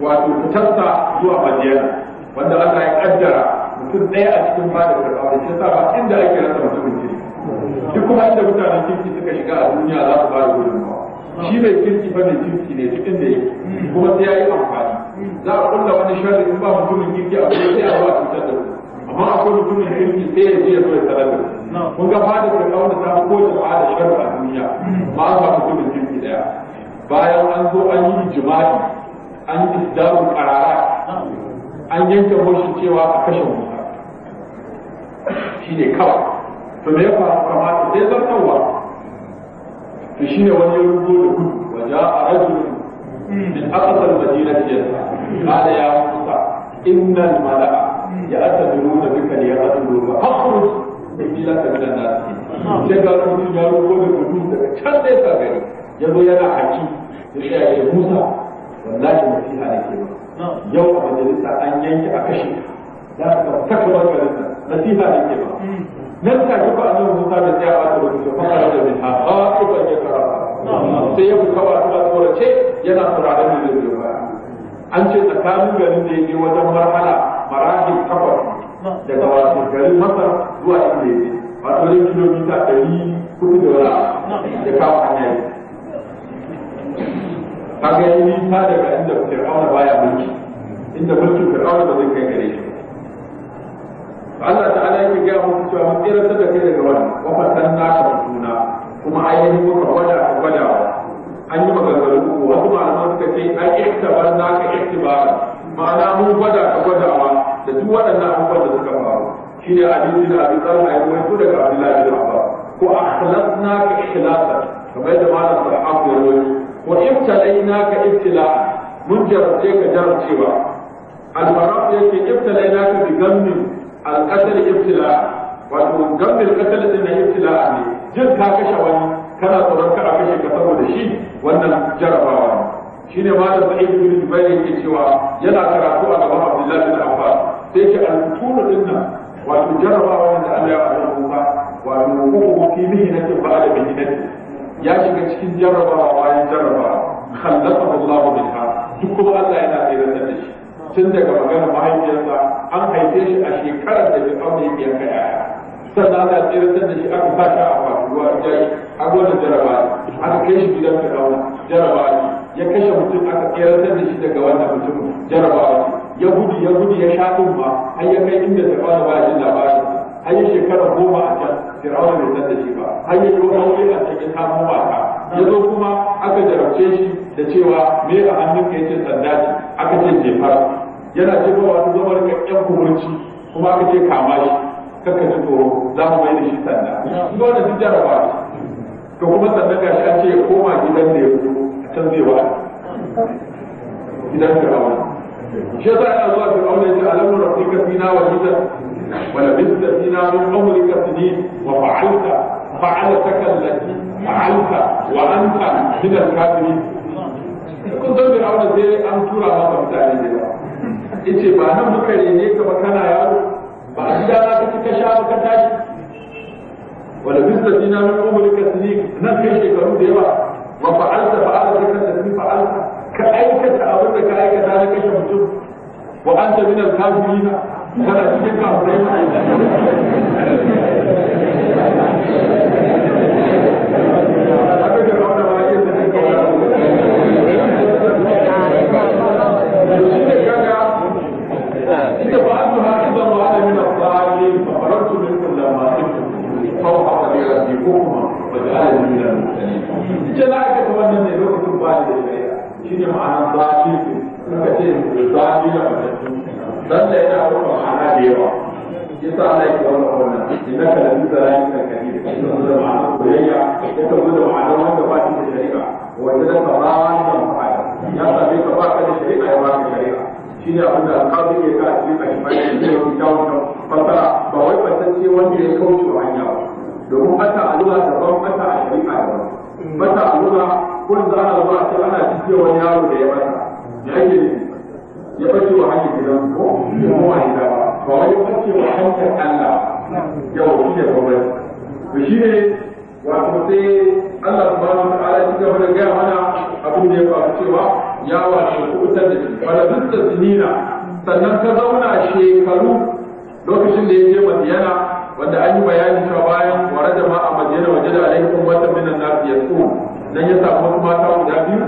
wato fitarsa zuwa madiyana wanda Allah ya ƙaddara mutum ɗaya a cikin ba da fir'auna shi sa ba inda ake rasa mutumin kirki shi kuma inda mutanen kirki suka shiga a duniya za su ba da gudunmawa shi mai kirki ba mai kirki ne duk inda yake kuma sai ya yi amfani za a kulla wani sharri in ba mutumin kirki a kuma sai a ba cutar da su amma akwai mutumin kirki sai ya je ya zo ya tarar da su kun ga fada fir'auna ta ko ta fada sharri a duniya ba a ba mutumin kirki ɗaya bayan an zo an yi jima'i an isdaru karara an yanke hoshin cewa a kashe musa shi ne kawa. to me ya faru kamata sai zartarwa to shi ne wani rubo da gudu waje a rajulun min aqsal madinati yasa qala ya musa innal mala'a ya'tadiruna bika liyaqtuluka fakhruj illa tabila nas sai ga mutum ya rubo da gudu daga can sai ka gari yazo yana haki sai ya musa wallahi nasiha nake ba yau a majalisa an yanke a kashe za ka da ka nasiha ne ke ba nan ta ji ba a musa da tsaya ba ta rubuta fara da ha ha ba ya fara sai ya fita ba ta ce yana turaren da zai ba an ce tsakanin garin da yake wajen marhala marahi takwas daga wato garin masar zuwa inda yake wato ne kilomita ɗari kudu da wani da kawo hanya yi kaga yi nisa daga inda fir'auna baya mulki inda mulkin fir'auna ba zai kai gare shi Allah ta'ala yake ga mu cewa mun tsira ta da kai daga wani. wa fatan na ka juna kuma ayyuka muka gwada ka gwada an yi maganganu wasu malaman suka ce an ihtibar na ka ba. ma'ana mun gwada ka gwadawa da duk waɗannan abubuwan da suka faru shi ne a hadisi da abin tsarka ya rawaito daga Abdullahi bin ba. ko a na ka ikhlasa kamar yadda malam Sa'ad ya rawaito ko lai na ka ibtila'a mun jarabce ka jarabcewa al-barab yake na ka bi gammin alƙasar ibtila wato gambin ƙasar ɗin na ibtila ne jin ka kashe wani kana tsoron a kashe ka saboda shi wannan jarabawa ne shine malam sa'id bin jubair yake cewa yana karatu a gaban abdullahi bin abbas sai yake al-kutulu dinnan wato jarabawa wanda Allah ya fara kuma wato hukumu fi ba ba'da mihnati ya shiga cikin jarabawa bayan jarabawa khallafa Allah biha duk kuma Allah yana tun daga magana mahaifiyarsa an haife shi a shekarar da fir'auna yake yanka yaya sannan aka tsiratar da shi aka sa a faruwa jai a gona jaraba aka kai shi gidan fir'auna jaraba ya kashe mutum aka tsiratar da shi daga wannan mutum jaraba ya gudu ya gudu ya sha ba har ya kai inda ta fara ba labarin har yi shekara goma a can firawa bai san da shi ba har yi ko aure a cikin samu mata ya zo kuma aka jarabce shi da cewa me a hannun ka ce sanda ce aka ce jefar yana jefawa ta zama rika ƴan kumurci kuma aka ce kama shi kanka ji tsoro za mu mai da shi sanda in ga wannan to kuma sannan gashi an ce ya koma gidan da ya fito a can zai wa'azi gidan fir'auna shi yasa yana zuwa fir'auna ya ce alamun rafika fina wa hidan ولبثت فينا من عمرك سنين وفعلت gidan التي فعلت وانت من الكافرين كنت فرعون زي ان ترى ما مبدأ yace ba nan muka rene ka ba kana yaro ba a gida na kake ka sha ka tashi wala bisa dina min umrika sinin nan kai shekaru da yawa ma fa'alta fa'alta kan da ni fa'alta ka aikata abin da ka aikata na kashe mutum wa anta min al-kafirina kana cikin kafirai ma aikata da za a kafa wannan ne lokacin ba da ya shi ne ma'ana ba shi suka ce ba shi da matattu dan da yana rufe ma'ana da yawa yasa Allah ya kawo wannan innaka la tusalamu kalkadi da ma'ana koyayya ya kawo da ma'ana wanda ba shi da shari'a wanda da ba wannan fa'ida ya same ka ba ka da shari'a ya ba ka shari'a shi ne abin da alƙawari ya ka cikin alifai da ya fi kyawun fasara ba wai fatacce wanda ya kauce wa hanya ba domin fata a zuwa ban fata a shari'a daban bata a wuna kun za a ba ta ana cike wani yaro da ya bata ya ke ya bace wa hanyar gidan ko kuma a gida ba wai ya bace wa hanyar Allah ya yau shi ne kawai to shi ne wato sai Allah ba wa ta ala cikin wani gaya mana abin da ya faru cewa ya wato kubutar da shi fa da dukkan sinina sannan ka zauna shekaru lokacin da ya je Madiyana wanda an yi bayani cewa bayan wara jama'a madina waje da alaikun wata minan na yasku dan ya samu wasu mata guda biyu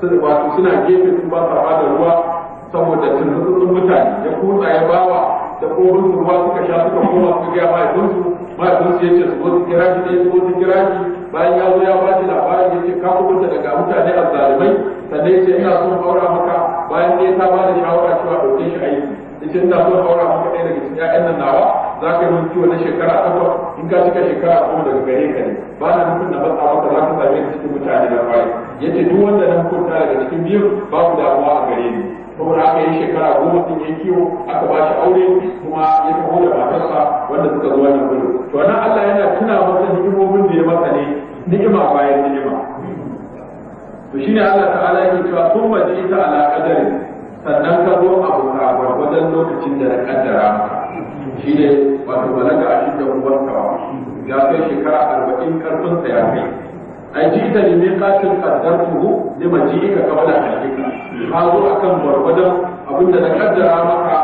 sun wato suna gefe sun ba sa da ruwa saboda tunzuzun mutane ya kutsa ya bawa da kofin su ruwa suka sha suka koma suka ya mahaifinsu mahaifinsu ya ce su zo su kira shi ne su zo su kira shi bayan ya zo ya ba shi labarin ya ce ka da daga mutane a zalimai sannan ya ce ina son aura maka bayan ne ta ba da shawara cewa ɗauke shi aiki ya ce ina son aura maka ɗaya daga cikin 'ya'yan nan nawa za ka yi mutuwa na shekara takwas in ka cika shekara kuma daga gare ka ne ba na nufin na matsa maka za ka same cikin mutane na baya yadda duk wanda na hukunta daga cikin biyu babu damuwa a gare ni Kuma saboda aka yi shekara goma sun yi kiwo aka ba shi aure kuma ya taho da matarsa wanda suka zo ni gudu to nan Allah yana tuna masa ni'imomin da ya masa ne ni'ima bayan ni'ima to shine Allah ta'ala yake cewa kun waje ita ala qadari sannan ka zo abu ka gwargwadon lokacin da na kaddara shi ne wato balaga a shi da ruwanka ya kai shekara arba'in karfinsa ya kai ai ji ta ne mai kashin kaddartuhu ne ma ji ka kama da halittarka ka zo a kan barbadan abinda na kaddara maka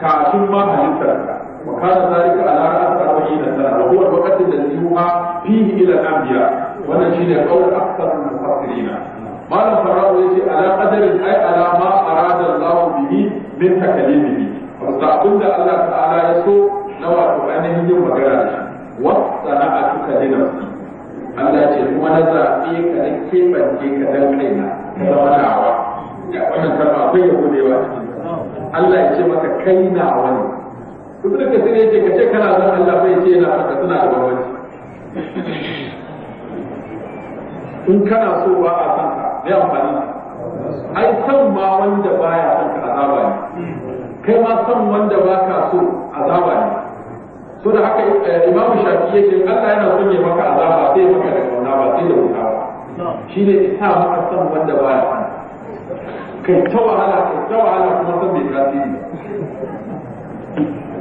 kafin ma halittarka wa kana zalika ala ra'as arba'in da sana wa huwa da yuha fihi ila al-anbiya wannan shine qawl akthar al-mufassirin malam farao yace ala qadarin ai alama a arada lawan bihi min takalimihi ga abin da Allah ta'ala ya so na wato ainihin yin magana da shi wa sana'a tuka da su. Allah ce kuma na zaɓe ka na keɓance ka dan kaina na zama awa. ya wannan kalma bai ya gudewa cikin Allah ya ce maka kai na ne duk da kasir ya ce ka ce kana zan Allah bai ce na maka suna da bambanci in kana so ba a san ka ne amfani ai san ma wanda baya san ka kai ma san wanda ba ka so azaba ne so da haka eh, imamu shafi ya ce Allah yana son ya maka azaba sai maka da kauna ba sai da wuta ba shi ne isa maka san wanda ba ya san kai ta wahala kai ta wahala kuma san bai tasiri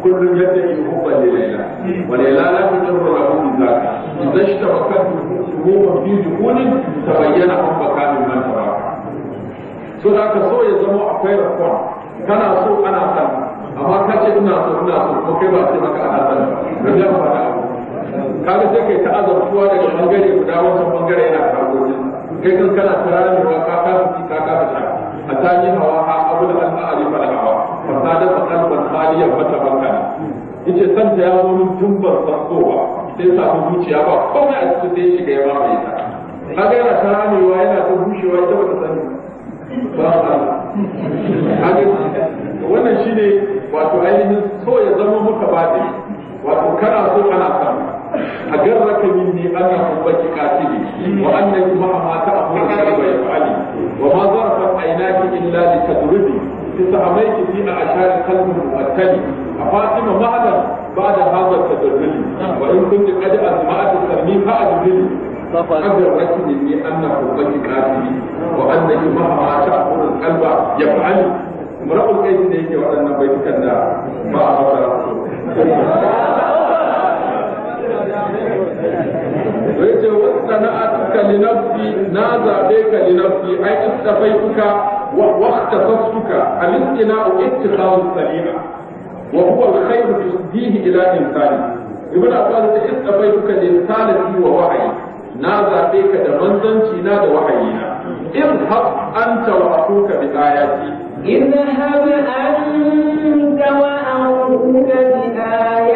kullum yadda yi hubban da laila wa laila la tujarru lahu min zaka idan shi tabakkan ruwan fi dukunin tabayyana hubba kamin man tabaka so da haka so ya zama akwai rakwa kana so ana san amma ka ce ina so ina so ko kai ba ce maka ana san da ka fara kaga sai kai ta azabtuwa daga bangare guda wannan bangare yana karboji kai kan kana taramewa ka ka fi ka ka fi a tani hawa ha abu da an ta'arifa da hawa fasada fa kalban haliyan mata bangare yace san ta ya zo min tun ban ba sai sa ta zuciya ba komai a cikin sai shiga ya mai ta kaga yana taramewa yana ta bushewa ita bata san wannan shi ne wato ainihin so ya zama muka baɗi wato kana so ana samu a garraka min ne ana kubbaki katili wa annabi ma ma mata a da garba ya fa'ali wa ma zarfa aynaki illa li tadrubi tis'amaiki fi ashari qalbin mu'akkali a fatima ma'adan بعد هذا التدلل وإن كنت قد أزمعت الترميم فأدلني أقدر أشهد إني أن قربتي كافي وأنك مهما تأخذ ne يفعل امرأ bai ليك وأن Ba a ما أخبر yace wa sana'atuka li nafsi na zabe ka li nafsi ai istafaituka wa waqtasastuka al-istina'u ittikhadu salima wa huwa al-khayru tusdihi ila insani ibn abbas ta istafaituka li salati wa wahyi na zaɓe ka da manzanci na da wahayina in hab anta wa akuka bi ayati in hab anta wa akuka bi ayati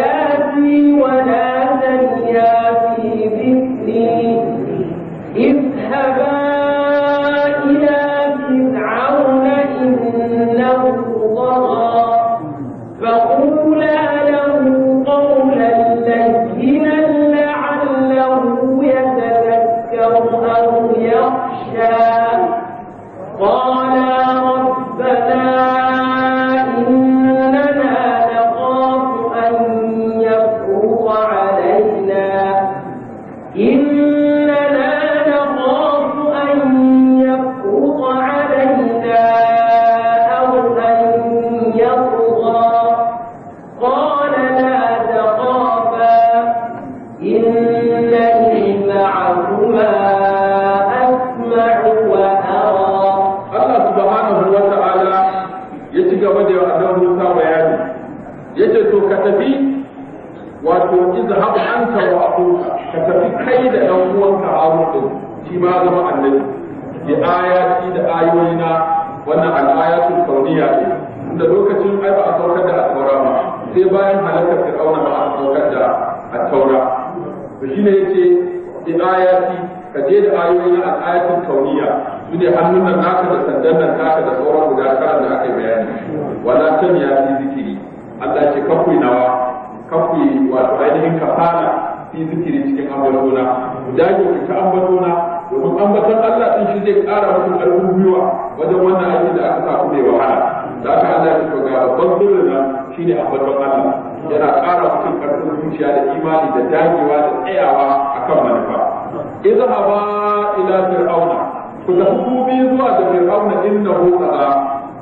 innahu qada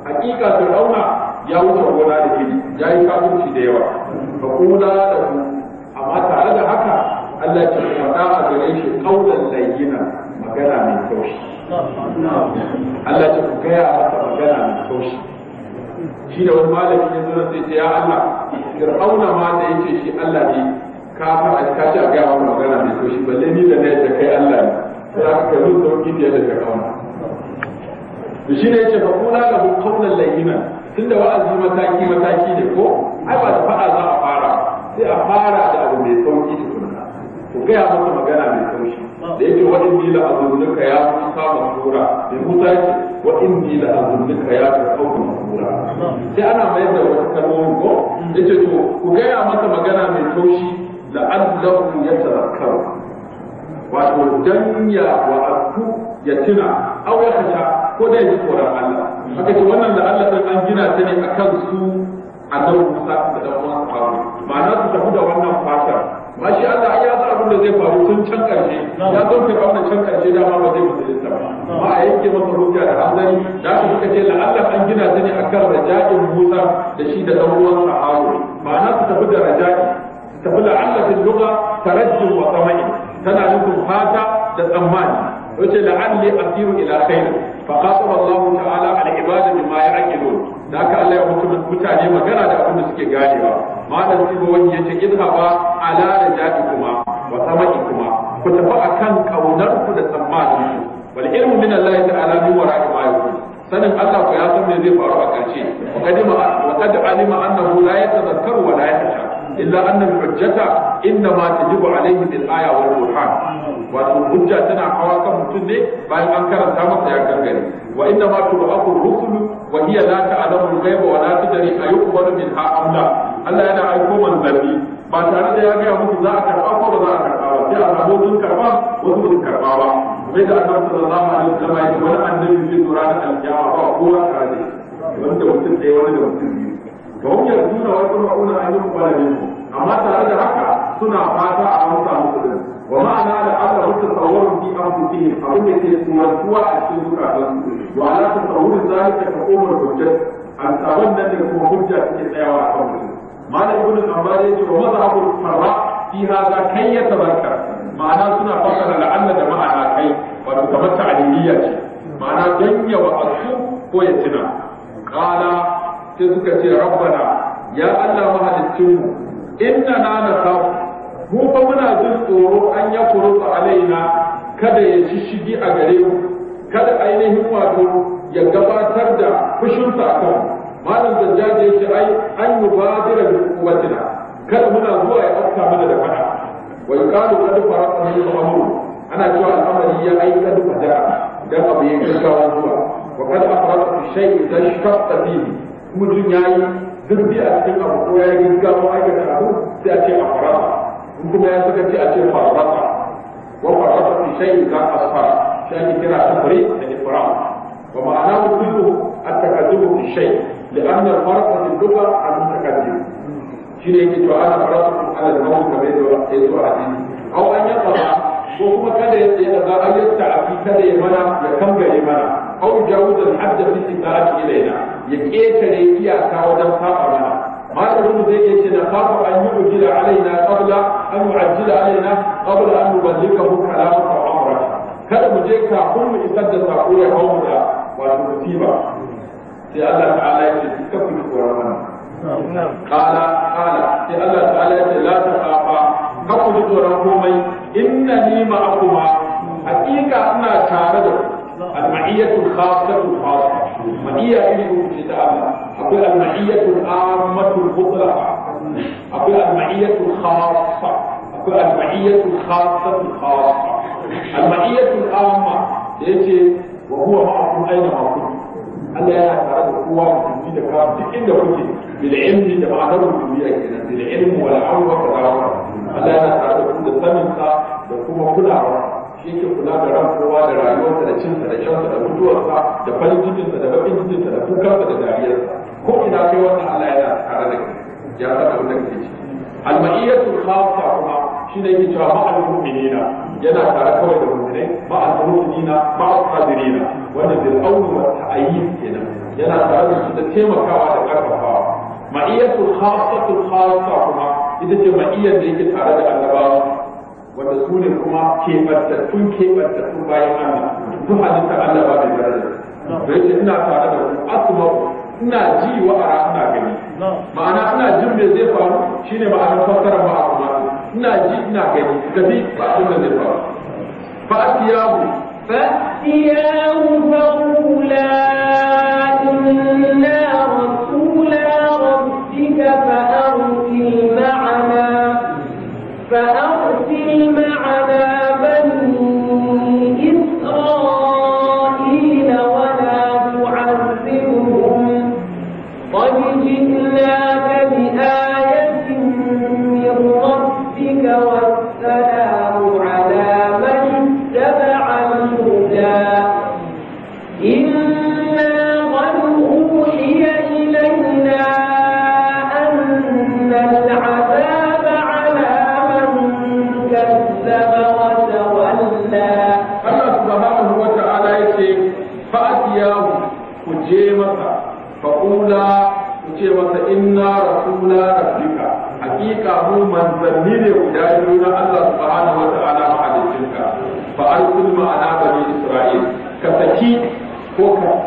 haqiqa fir'auna ya wuce gona da ya yi kafirci da yawa ba kuma da ku amma tare da haka Allah ya tabbata a gare shi qaulan layyina magana mai taushi Allah ya ku gaya masa magana mai taushi shi da wani malami ya zama sai ce ya Allah fir'auna ma da yake shi Allah ne ka fara a ci a gaya magana mai taushi balle ni da na yadda kai Allah ne za ka zo sauki da yadda ka kauna to shine yace fa kula ga qawlan layyina tunda wa'azi mataki mataki ne ko ai ba fa'a fada za a fara sai a fara da abu mai sauki tukunna ko ga ya masa magana mai sauki da yake wa inni la azunnuka ya musa masura bi musa yake wa inni la azunnuka ya qawlan masura sai ana mayar da wata kalmomi ko yace to ku ga ya masa magana mai taushi ya yatazakkaru wato dan ya wa'azu ya tuna aw ya ko dai ji tsoron Allah haka ce wannan da Allah ɗin an gina ta ne akan su a nan Musa da ɗan uwan Harun ma'ana su tafi da wannan fatar Ba shi Allah ai ya san abin da zai faru tun can ƙarshe ya san ta ba can ƙarshe dama ba zai musulunta ba ma a yake masa hujja da hanzari da aka suka ce la'alla an gina ta ne akan raja'in Musa da shi da ɗan uwan Harun ma'ana su tafi da raja'i su tafi la'alla fil lugha tarajjum wa tamain tana nufin fata da tsammani yace la'alli asiru ila khair fa qasaba Allah ta'ala al ibada bima ya'qilun da haka Allah ya hukunta mutane magana da abin da suke ganewa malam sibo wani yace idhaba ala rajati kuma wa samaki kuma ku tafi akan kaunar ku da tsammani wal ilmu min Allah ta'ala bi wara'i sanin Allah ku ya san me zai faru a karshe wa qad alima annahu la yatadhakkaru wa la yakhsha illa annal hujjata inna ma tajibu alaihi bil aya wal burhan wato hujja tana hawa kan mutum ne bayan an karanta masa ya gangare wa inna ma tu'aqu rusulu wa hiya la ta'lamu al-ghaiba wa la tadri ayuqbalu min am la Allah yana aiko manzanni ba tare da ya ga muku za a karba ko ba za a karba ba sai a samu sun karba wasu sun karba ba bai da annabi sallallahu alaihi wasallam ya wani annabi zai dora da alkiyama ba kowa kare wanda mutum ɗaya wani da mutum biyu ba wani yanzu nuna wai kuma una an yi ne amma tare da haka suna fata a amsa musu din wa ma'ana da aka mutu tsawon bi an fi ne a da ke sumartuwa a cikin zukatan su wa ala ta tsawon zalika ta komar hujjar a tsawon nan da kuma hujja suke tsayawa a kan mutum malam ibn al ya ce wa maza abu farra fi haza kai ya tabarka ma'ana suna fata da la'anna da ma'ana kai wato kamar ta'aliliya ce ma'ana don yawa su ko ya tuna sai suka ce rabbana ya Allah mahalicin mu inna na nasafu mu fa muna jin tsoro an ya kurufa alaina kada ya ci shigi a gare mu kada ainihin wato ya gabatar da fushinsa a kanmu malam zajjaji ya ce ai an yi badira da kuwatina kada muna zuwa ya afka mana da fada wa yuqalu qad faraqa min al-amr ana cewa al'amari ya ai kad fadara dan abu ya gaggawa zuwa wa qad afraqa fi shay'in tashtaqqa fihi mutum ya yi zurfi a cikin abu ko ya yi gaggawa ko aikata abu sai a ce a farasa in kuma ya saka ce a ce farasa wa farasa fi shayin ka asfar shi ake kira sufuri da fara wa ma'ana kullu at-takaddubu fi shay لأن الفرق في اللغة المتكلم. شنو يجي أنا فرصت على الموت كما يدعو أو أن يقرأ ko kuma kada ya tsaye da a yi ta'afi kada ya mana ya kangare mana au jawuzan hadda fi ta'ati ilaina ya ƙetare iyaka wajen saba mana malamin zai iya ce na fafa an yi ujila alaina qabla an yu'ajjila alaina qabla an ka nuballighahu kalamu aw amra kada mu je kafin mu isar da sako ya hau kawo da wato musiba sai Allah ta'ala ya ce suka fi tsoron wannan Kala, kala. sai Allah ta'ala ya ce la taqafa ka ku tsoron komai Inna innani ma'akuma hakika ina tare da ku المعية الخاصة الخاصة المعية اللي هو الكتاب أقول المعية العامة الفضلة أقول المعية الخاصة أقول المعية الخاصة الخاصة المعية العامة ليش وهو معروف أين معروف ألا يا ترى هو في دكان في كل وجه بالعلم اللي بعده بالعلم بالعلم والعلم والعلم ألا يا ترى هو الثمن كا هو كل عرف yake kula da ran kowa da rayuwarsa da cinsa da shansa da mutuwarsa da farin cikinsa da baƙin cikinsa da kukansa da dariyarsa ko ina kai wannan Allah yana tare da kai ya san abin da kake ciki al-ma'iyatu khassa kuma shi ne yake cewa ma'al mu'minina yana tare kawai da mu'minai ma'al mu'minina ma'al qadirina wannan bil awl wa ta'yid kenan yana tare da su da taimakawa da karfafawa ma'iyatu khassatu khassa kuma ita ce ma'iyar da yake tare da annabawa wanda su ne kuma keɓantattun tun bayan ana duk halittar Allah ba da daraja da yake ina tare da ku Asuma ina ji wa a ina gani ma'ana ina jin me zai faru shine ma'anar fassara ba kuma ina ji ina gani gani ba abin da zai faru fa asiyahu fa asiyahu fa Ba an arsil ma'ana bani isra'il ka saki ko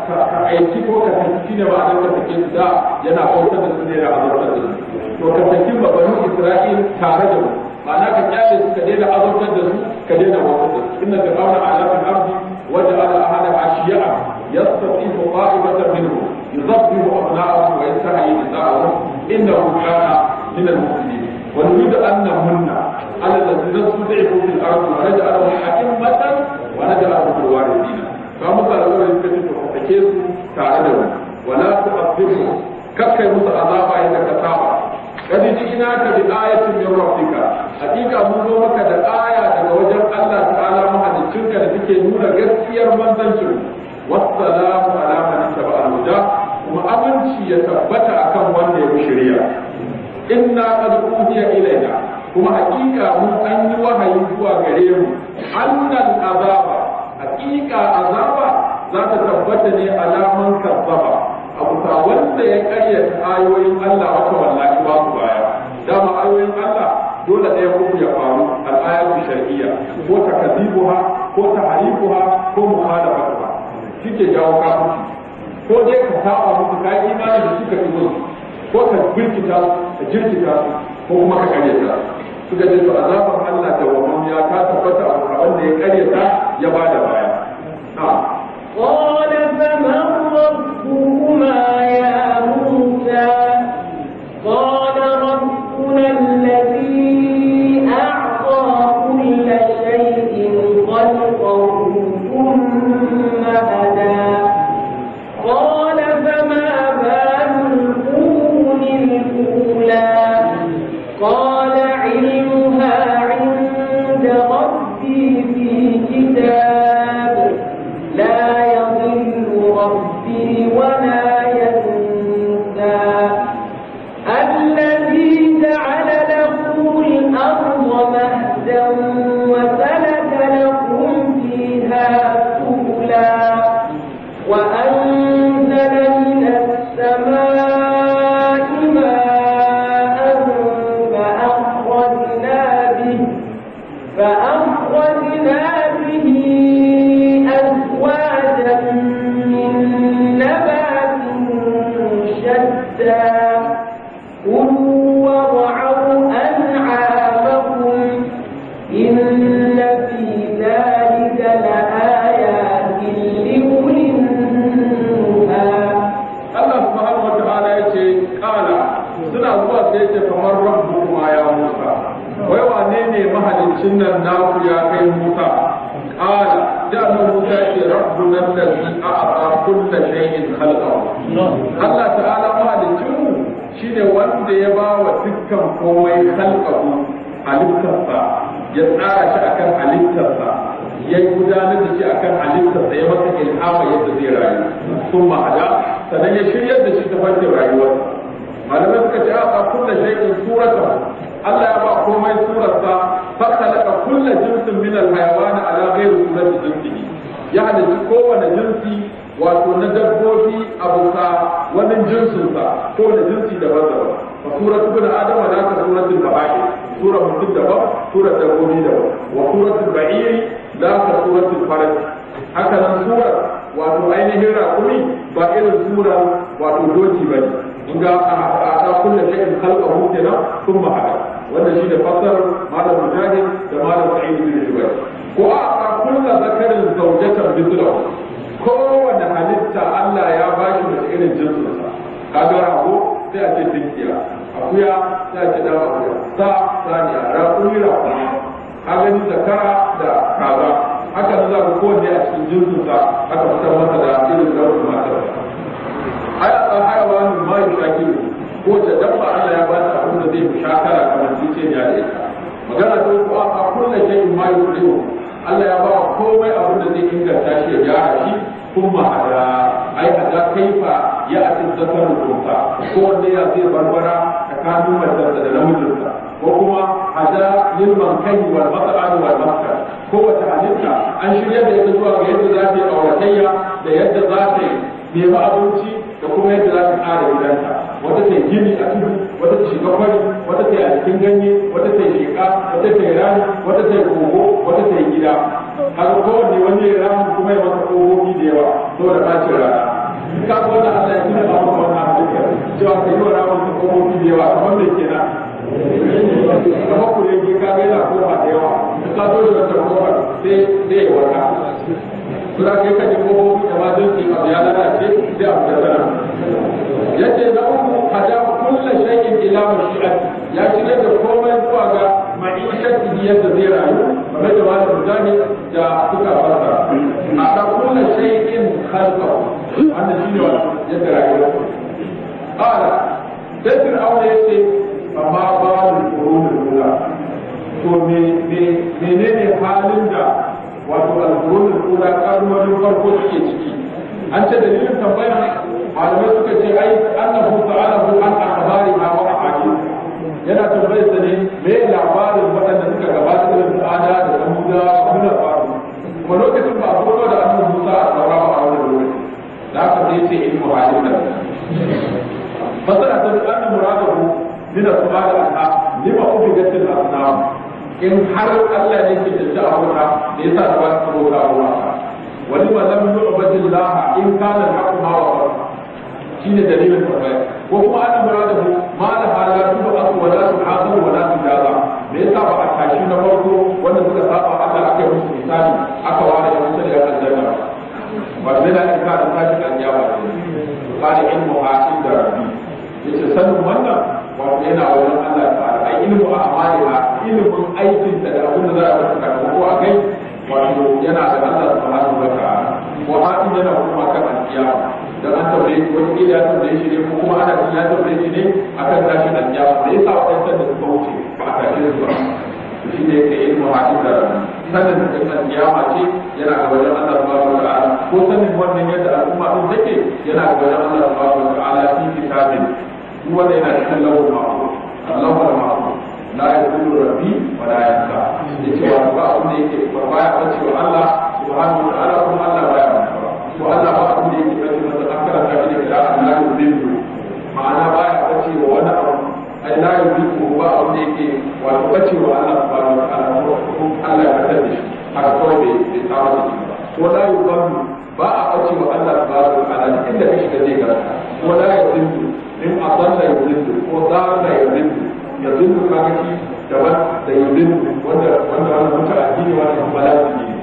ka aiki ko ka saki ne ma'ana ka saki da yana kautar da su ne da azabtar da su to ka saki ba bani isra'il tare da mu ma'ana ka kyale su ka daina azabtar da su ka daina wautar da su inna ka kauna ala fil ardi wa ja'ala ahada ashiya'a yastatifu qa'ibatan minhum yudabbiru abna'ahum wa yastahyi nisa'ahum innahu kana min al Wani yi nuridu an namunna نستضعف في الارض ونجعلهم ائمه ونجعلهم الوارثين فمك الاول يكتب حقيقه تعالوا ولا تؤثرهم كفك يمس عذابا انك تابع قد جئناك بآية من ربك حقيقة من الآية daga wajen Allah ta'ala mahalicinka da take nuna gaskiyar manzancin wassalamu ala man taba al-huda kuma abinci ya tabbata akan wanda ya bi shari'a inna qad uhiya ilayna kuma hakika mun an yi wahayi zuwa gare mu annal azaba hakika azaba za ta tabbata ne alaman kazzaba abu ta wanda ya karya ayoyin Allah wata wallahi ba ku baya dama ayoyin Allah dole ɗaya kuma ya faru al'ayatu shar'iyya ko ha, ko tahrifuha ko muhalafatuha kike jawo kafirci ko dai ka saba musu kai imani da suka fi ko ka birkita ka jirkita ko kuma ka karyata suka ce to azabar Allah da wa ya ta tabbata a da ya ta ya bada baya khalqahu halittarsa ya tsara shi kan halittarsa ya gudanar da shi akan halittarsa ya masa ilhama yadda zai rayu sun ma'ada sannan ya shiryar da shi ta fannin rayuwar malamai suka ce a ba kulla shay'in surata Allah ya ba komai surarsa fasalaka kulle jinsin min al-hayawan ala ghairi surati jinsihi ya halitta kowane jinsi wato na dabbobi abuka wani jinsinsa ko da jinsi daban-daban سورة ابن آدم ذات سورة المعاشر سورة مدد دبا سورة تقومي وسورة البعير ذات سورة الفرج هكذا سورة wato ainihin rakumi ba irin sura wato doki ba ne Inga ga a ta kullum da in kalba hutu na sun mahaɗa wanda shi da fasar malam mujahid da malam sa'idu bin jubair ko a ta kullum zakarin zaujatan bisra kowane halitta Allah ya bashi da irin jinsinsa kaga rago sai a akuya ta ce dama akuya sa saniya a raƙuri ka gani zakara da kaza haka da za ku kowanne a cikin jirgin sa aka fitar masa da irin launin matar ai a hayawa ne ma yi ne ko da dabba Allah ya ba ta abin da zai fi shakara kamar jijiyar da ita magana ta uku a kullum shayin ma yi ne? Allah ya ba komai abin da zai inganta shi ya gyara shi kuma a ai kaifa ya zafin zakaru ko wanda ya zai barbara tsakanin matarsa da namijinsa ko kuma hada lilman kai wal matsa'ani wal makka ko wata halitta an shirya da ita zuwa ga yadda za ta yi auratayya da yadda za ta yi nema abinci da kuma yadda za ta ƙara gidanta wata ta gini a tudu wata ta shiga kwari wata ta a cikin ganye wata ta sheƙa wata ta rani wata ta kogo wata ta gida har kowanne wani rami kuma ya masa kogogi da yawa saboda ɓacin rana ka ga wannan Allah ya tuna ba mu wannan cewa ka yi wa ramin ta kofofi da yawa a da ke na kama ku ne ke kaga yana kofa da yawa da ka zo da wata kofar sai zai yi wata kuma kai kaje kofofi da ma zai ke abu ya lalace sai abu da sana yace na uku hada kullu shay'in ila mashi'ati ya shirya da komai zuwa ga ma'ishatihi yadda zai rayu kamar da malam Rudani da suka fara a da kullu shay'in khalqa wannan shine yadda rayuwa qala sai fir'auna yace amma ba'dul qurun al to me me menene halin da wato al-qurun al-ula farko suke ciki an ce dalilin tambaya malamai suka ce ai annahu ta'alahu an akhbariha wa ahadith yana tambayar sa ne me labarin waɗanda suka gabata da al'ada da samuda suna faru kuma lokacin ba a da annabi Musa a saura ba a wannan lokaci da aka sai ce ilmu masana ta duk annan muradahu min al-su'al anha lima ubidat al-asnam in har Allah ne ke da sha'awa ne yasa ta ba ta roƙa ruwa wani ma lam yu'badillah in kana al-haqqu ma wa ne dalilin farfai ko kuma annan muradahu ma la halatu wa asu wa la tuhasu wa la tujaza me yasa ba a tashi na farko wanda suka saba Allah aka yi musu misali aka ware musu daga aljanna ba zai da ka da tashi kan yawa ba da ilmu hasil yace sanin wannan wato yana wurin Allah ta ai ilmu a a ilimin aikin da abin da za a baka ko a kai wato yana da Allah subhanahu wa ta'ala ko yana kuma kan alkiyama dan an tabbare shi wani da ya tabbare shi ne kuma ana kan ya tabbare shi ne akan kan alkiyama da yasa wadannan da suka wuce ba a tashin su ba shi ne ka ilmu hatin sanin da kiyama ce yana a wajen Allah subhanahu wa ta'ala ko sanin wannan yadda al'umma din take yana a wajen Allah subhanahu wa ta'ala kitabin wanda yana da kan lawan ma'abu lawan ma'abu la ya kullu rabbi wa la ya ka yace wa ba abin da yake ba baya bace wa Allah subhanahu wa ta'ala kuma Allah baya to Allah ba abin da yake bace masa akara ta ne da Allah ya rubu ma'ana baya bace wa wani abu ai la ya rubu ba abin da yake wato bace wa Allah subhanahu wa ta'ala kuma Allah ya tada shi haka kawai bai tsawa da shi ba wala yubannu ba a bace wa Allah subhanahu wa ta'ala inda kashi da zai garanta wala yubannu in aballa ya zindu ko zalla ya zindu ya zindu kakaki daban da ya wanda wanda wani mutu addini wanda kuma lafi ne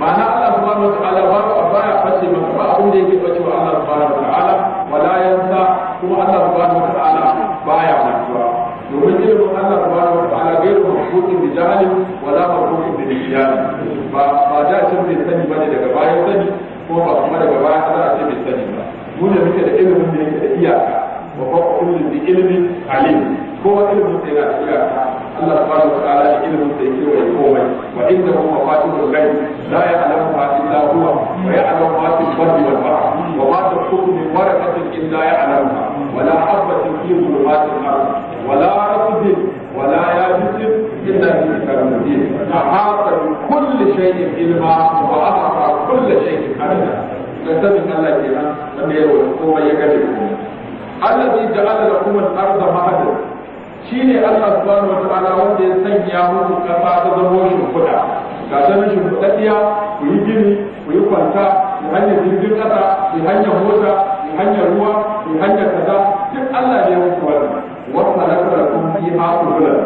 ma'ana Allah subhanahu wa ta'ala ba ba ya fashe maka ba abin da yake bace wa Allah subhanahu ko ta'ala wala yansa kuma Allah subhanahu wa ta'ala baya mantuwa domin ilimin Allah subhanahu ala ta'ala gairu mafukin bi jahalin wala mafukin ba ba cin bai sani daga bayan sani ko ba kuma daga baya Allah ce bai sani ba mu da muke da ilimin da yake iyaka wa fakkun bi ilmin alim kowa ilmin sai na iyaka Allah subhanahu wa ta'ala da ilmin sai ke wai komai wa inda huwa fatihul ghaib la ya'lamuha illa huwa wa ya'lamu ma fil barri wal bahr wa ma tasqutu min waraqatin illa ya'lamuha wa la habatin fi dhulumatil ard wa la raqbin wa la yabisin illa fi kitabin mubin ahata bi kulli shay'in ilma wa ahata kulli shay'in adada da sanin Allah kenan da mai yawa komai ya gane komai alladhi ja'ala lakum al-ardha shi shine Allah subhanahu ta'ala wanda ya sanya muku kasa ta zama shimfiɗa ga sanin shi ku yi gini ku yi kwanta ku hanyar jirgin kasa ku hanyar mota ku hanyar ruwa ku hanyar kaza duk Allah ne ya muku wannan wasa na kuma kun fi haƙulan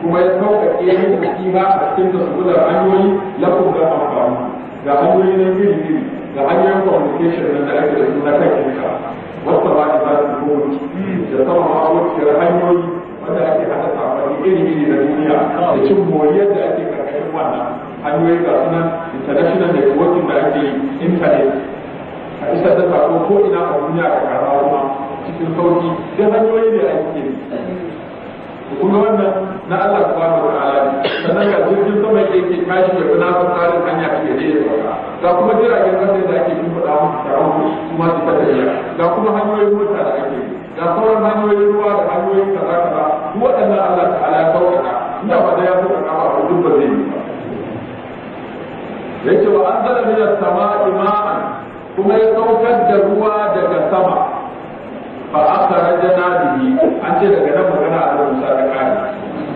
kuma ya sauƙaƙe muku fiha a cikin da hanyoyi lakum ga amfani ga hanyoyi na iri iri da hanyoyin communication na da ake da su na kan kinka wasu ba da za su ciki da sama ma wasu hanyoyi wanda ake haɗa safari iri-iri na duniya da cin moriyar da ake karkashin wannan hanyoyi ga suna international networking da ake yi internet a isa da sako ko ina a duniya ga karawa cikin sauki da hanyoyi da ake yi kuma wannan na Allah subhanahu wa ta'ala sannan ga jirgin sama da yake tashi ya bana su tsarin hanya da ke da ga kuma jiragen kasa da ake yin da musu taron su su fada iya ga kuma hanyoyin mota da ake ga sauran hanyoyin ruwa da hanyoyin kaza kaza duk waɗannan Allah ta'ala ya sauƙaƙa ina ba da ya sauƙaƙa ba duk ba zai yi yake wa an zara min as-sama'i ma'an kuma ya saukar da ruwa daga sama fa aka rajana bihi an ce daga nan magana a da musa da kare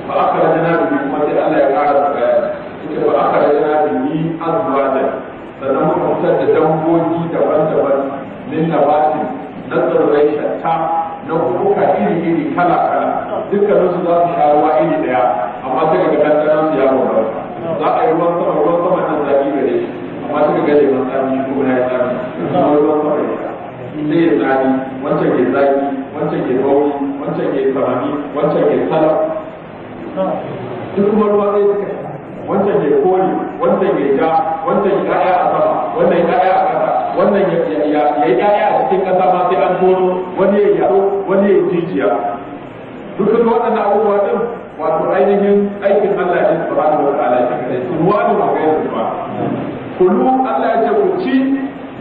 fa aka rajana bihi kuma sai Allah ya kara da bayani ita fa aka rajana bihi azwajan sannan muka fitar da dangogi daban-daban min nabatin na tsirrai shatta na kuka iri-iri kala-kala dukkanin su za su sha ruwa iri daya amma sai daga ɗanɗanon su ya bambanta za a yi ruwan sama ruwan sama nan zaƙi gare shi amma sai daga ke bauchi wancan ke karami wancan ke kala duk kuma ruwa ɗaya suka wancan ke koli wancan ke ja wancan ke ɗaya a sama wannan ɗaya a ƙasa wannan ya yi ɗaya a cikin ƙasa ma sai an tono wani ya yaro wani ya jijiya dukkan waɗannan abubuwa ɗin wato ainihin aikin Allah ya ne subhanahu wa ta'ala shi kadai su ruwa ne ba gaisu ba kulu Allah ya ce ku ci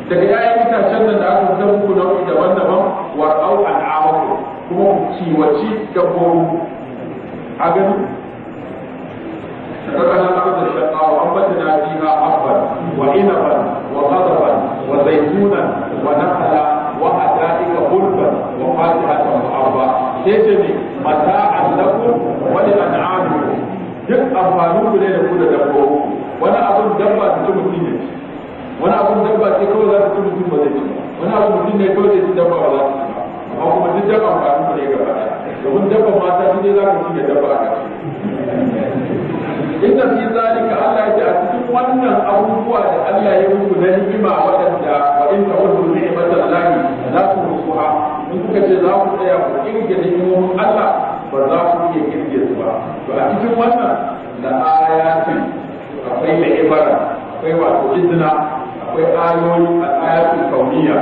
daga ƴaƴan itacen da aka san muku nau'i daban-daban ciwaci da koro a gani wa الأرض wa وأنبتنا wa حبا وعنبا wa وزيتونا wa وحدائق غلبا وفاكهة وحبا تجري متاعا لكم ولأنعامكم duk amfani ku ne da ku da dabbo wani abun dabba ta ci mutum ne wani abun dabba ce kawai za ta ci mutum ba zai ci wani abun mutum ne kawai zai ci dabba ba za ta ci amma kuma duk dabba ba su ne gaba domin dabba mata su ne za ka ci da dabba a ƙarshe inda fi zalika Allah ya ce a cikin wannan abubuwa da Allah ya muku na ni'ima waɗanda wa in ta'uddu ni'matal lahi la tuhsuha in kuka ce za ku tsaya ku kirge ni'imomin Allah ba za ku iya kirge su ba to a cikin wannan da ayatin akwai da ibara akwai wato izina akwai ayoyi kauniya ayatul kauniyya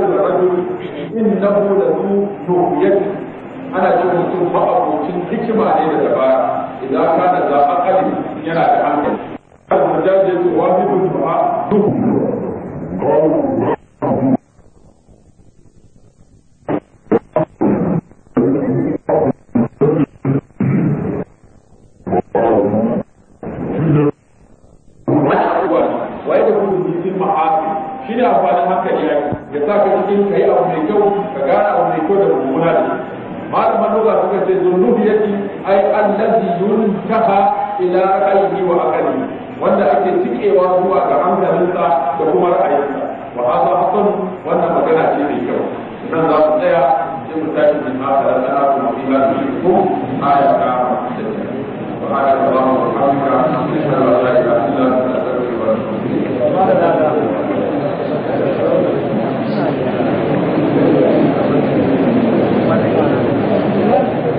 hadin rajul innahu la tu tuhiyat ana cikin mutum ba abokin hikima ne da gaba idan ka da za a kali yana da hankali abu da jaje wa bi bi ba duk ko ya sa ka cikin ka yi abu mai kyau ka gane abu mai kyau da mummuna da malaman lugha suka ce zunnubiyati ai allazi yuntaha ila qalbi wa aqli wanda ake tikewa zuwa ga hankalinsa da kuma ra'ayinsa wa hada hasan wannan magana ce mai kyau nan za mu tsaya sai mu tashi min ma da Allah ku mu ila shi ko aya mu wa ala Allahu wa hamdika inna la ilaha illa anta astaghfiruka wa atubu ilayk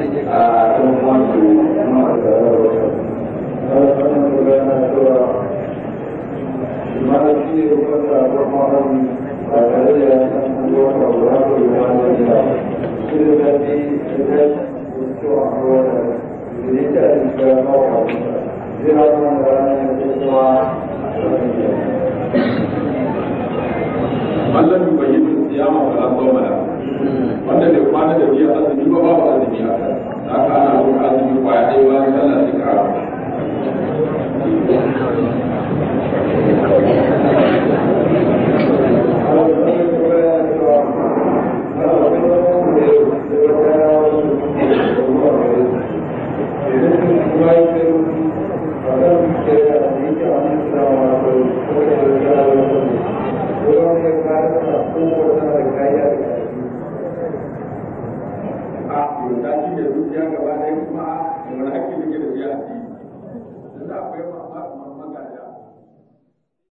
الذي يبين الصيام ولا صوم له wanda bai kwana da biya azumi ba babu azumi a kan haka ana zuwa azumi kwaya ɗaya wani sallah sai ka Thank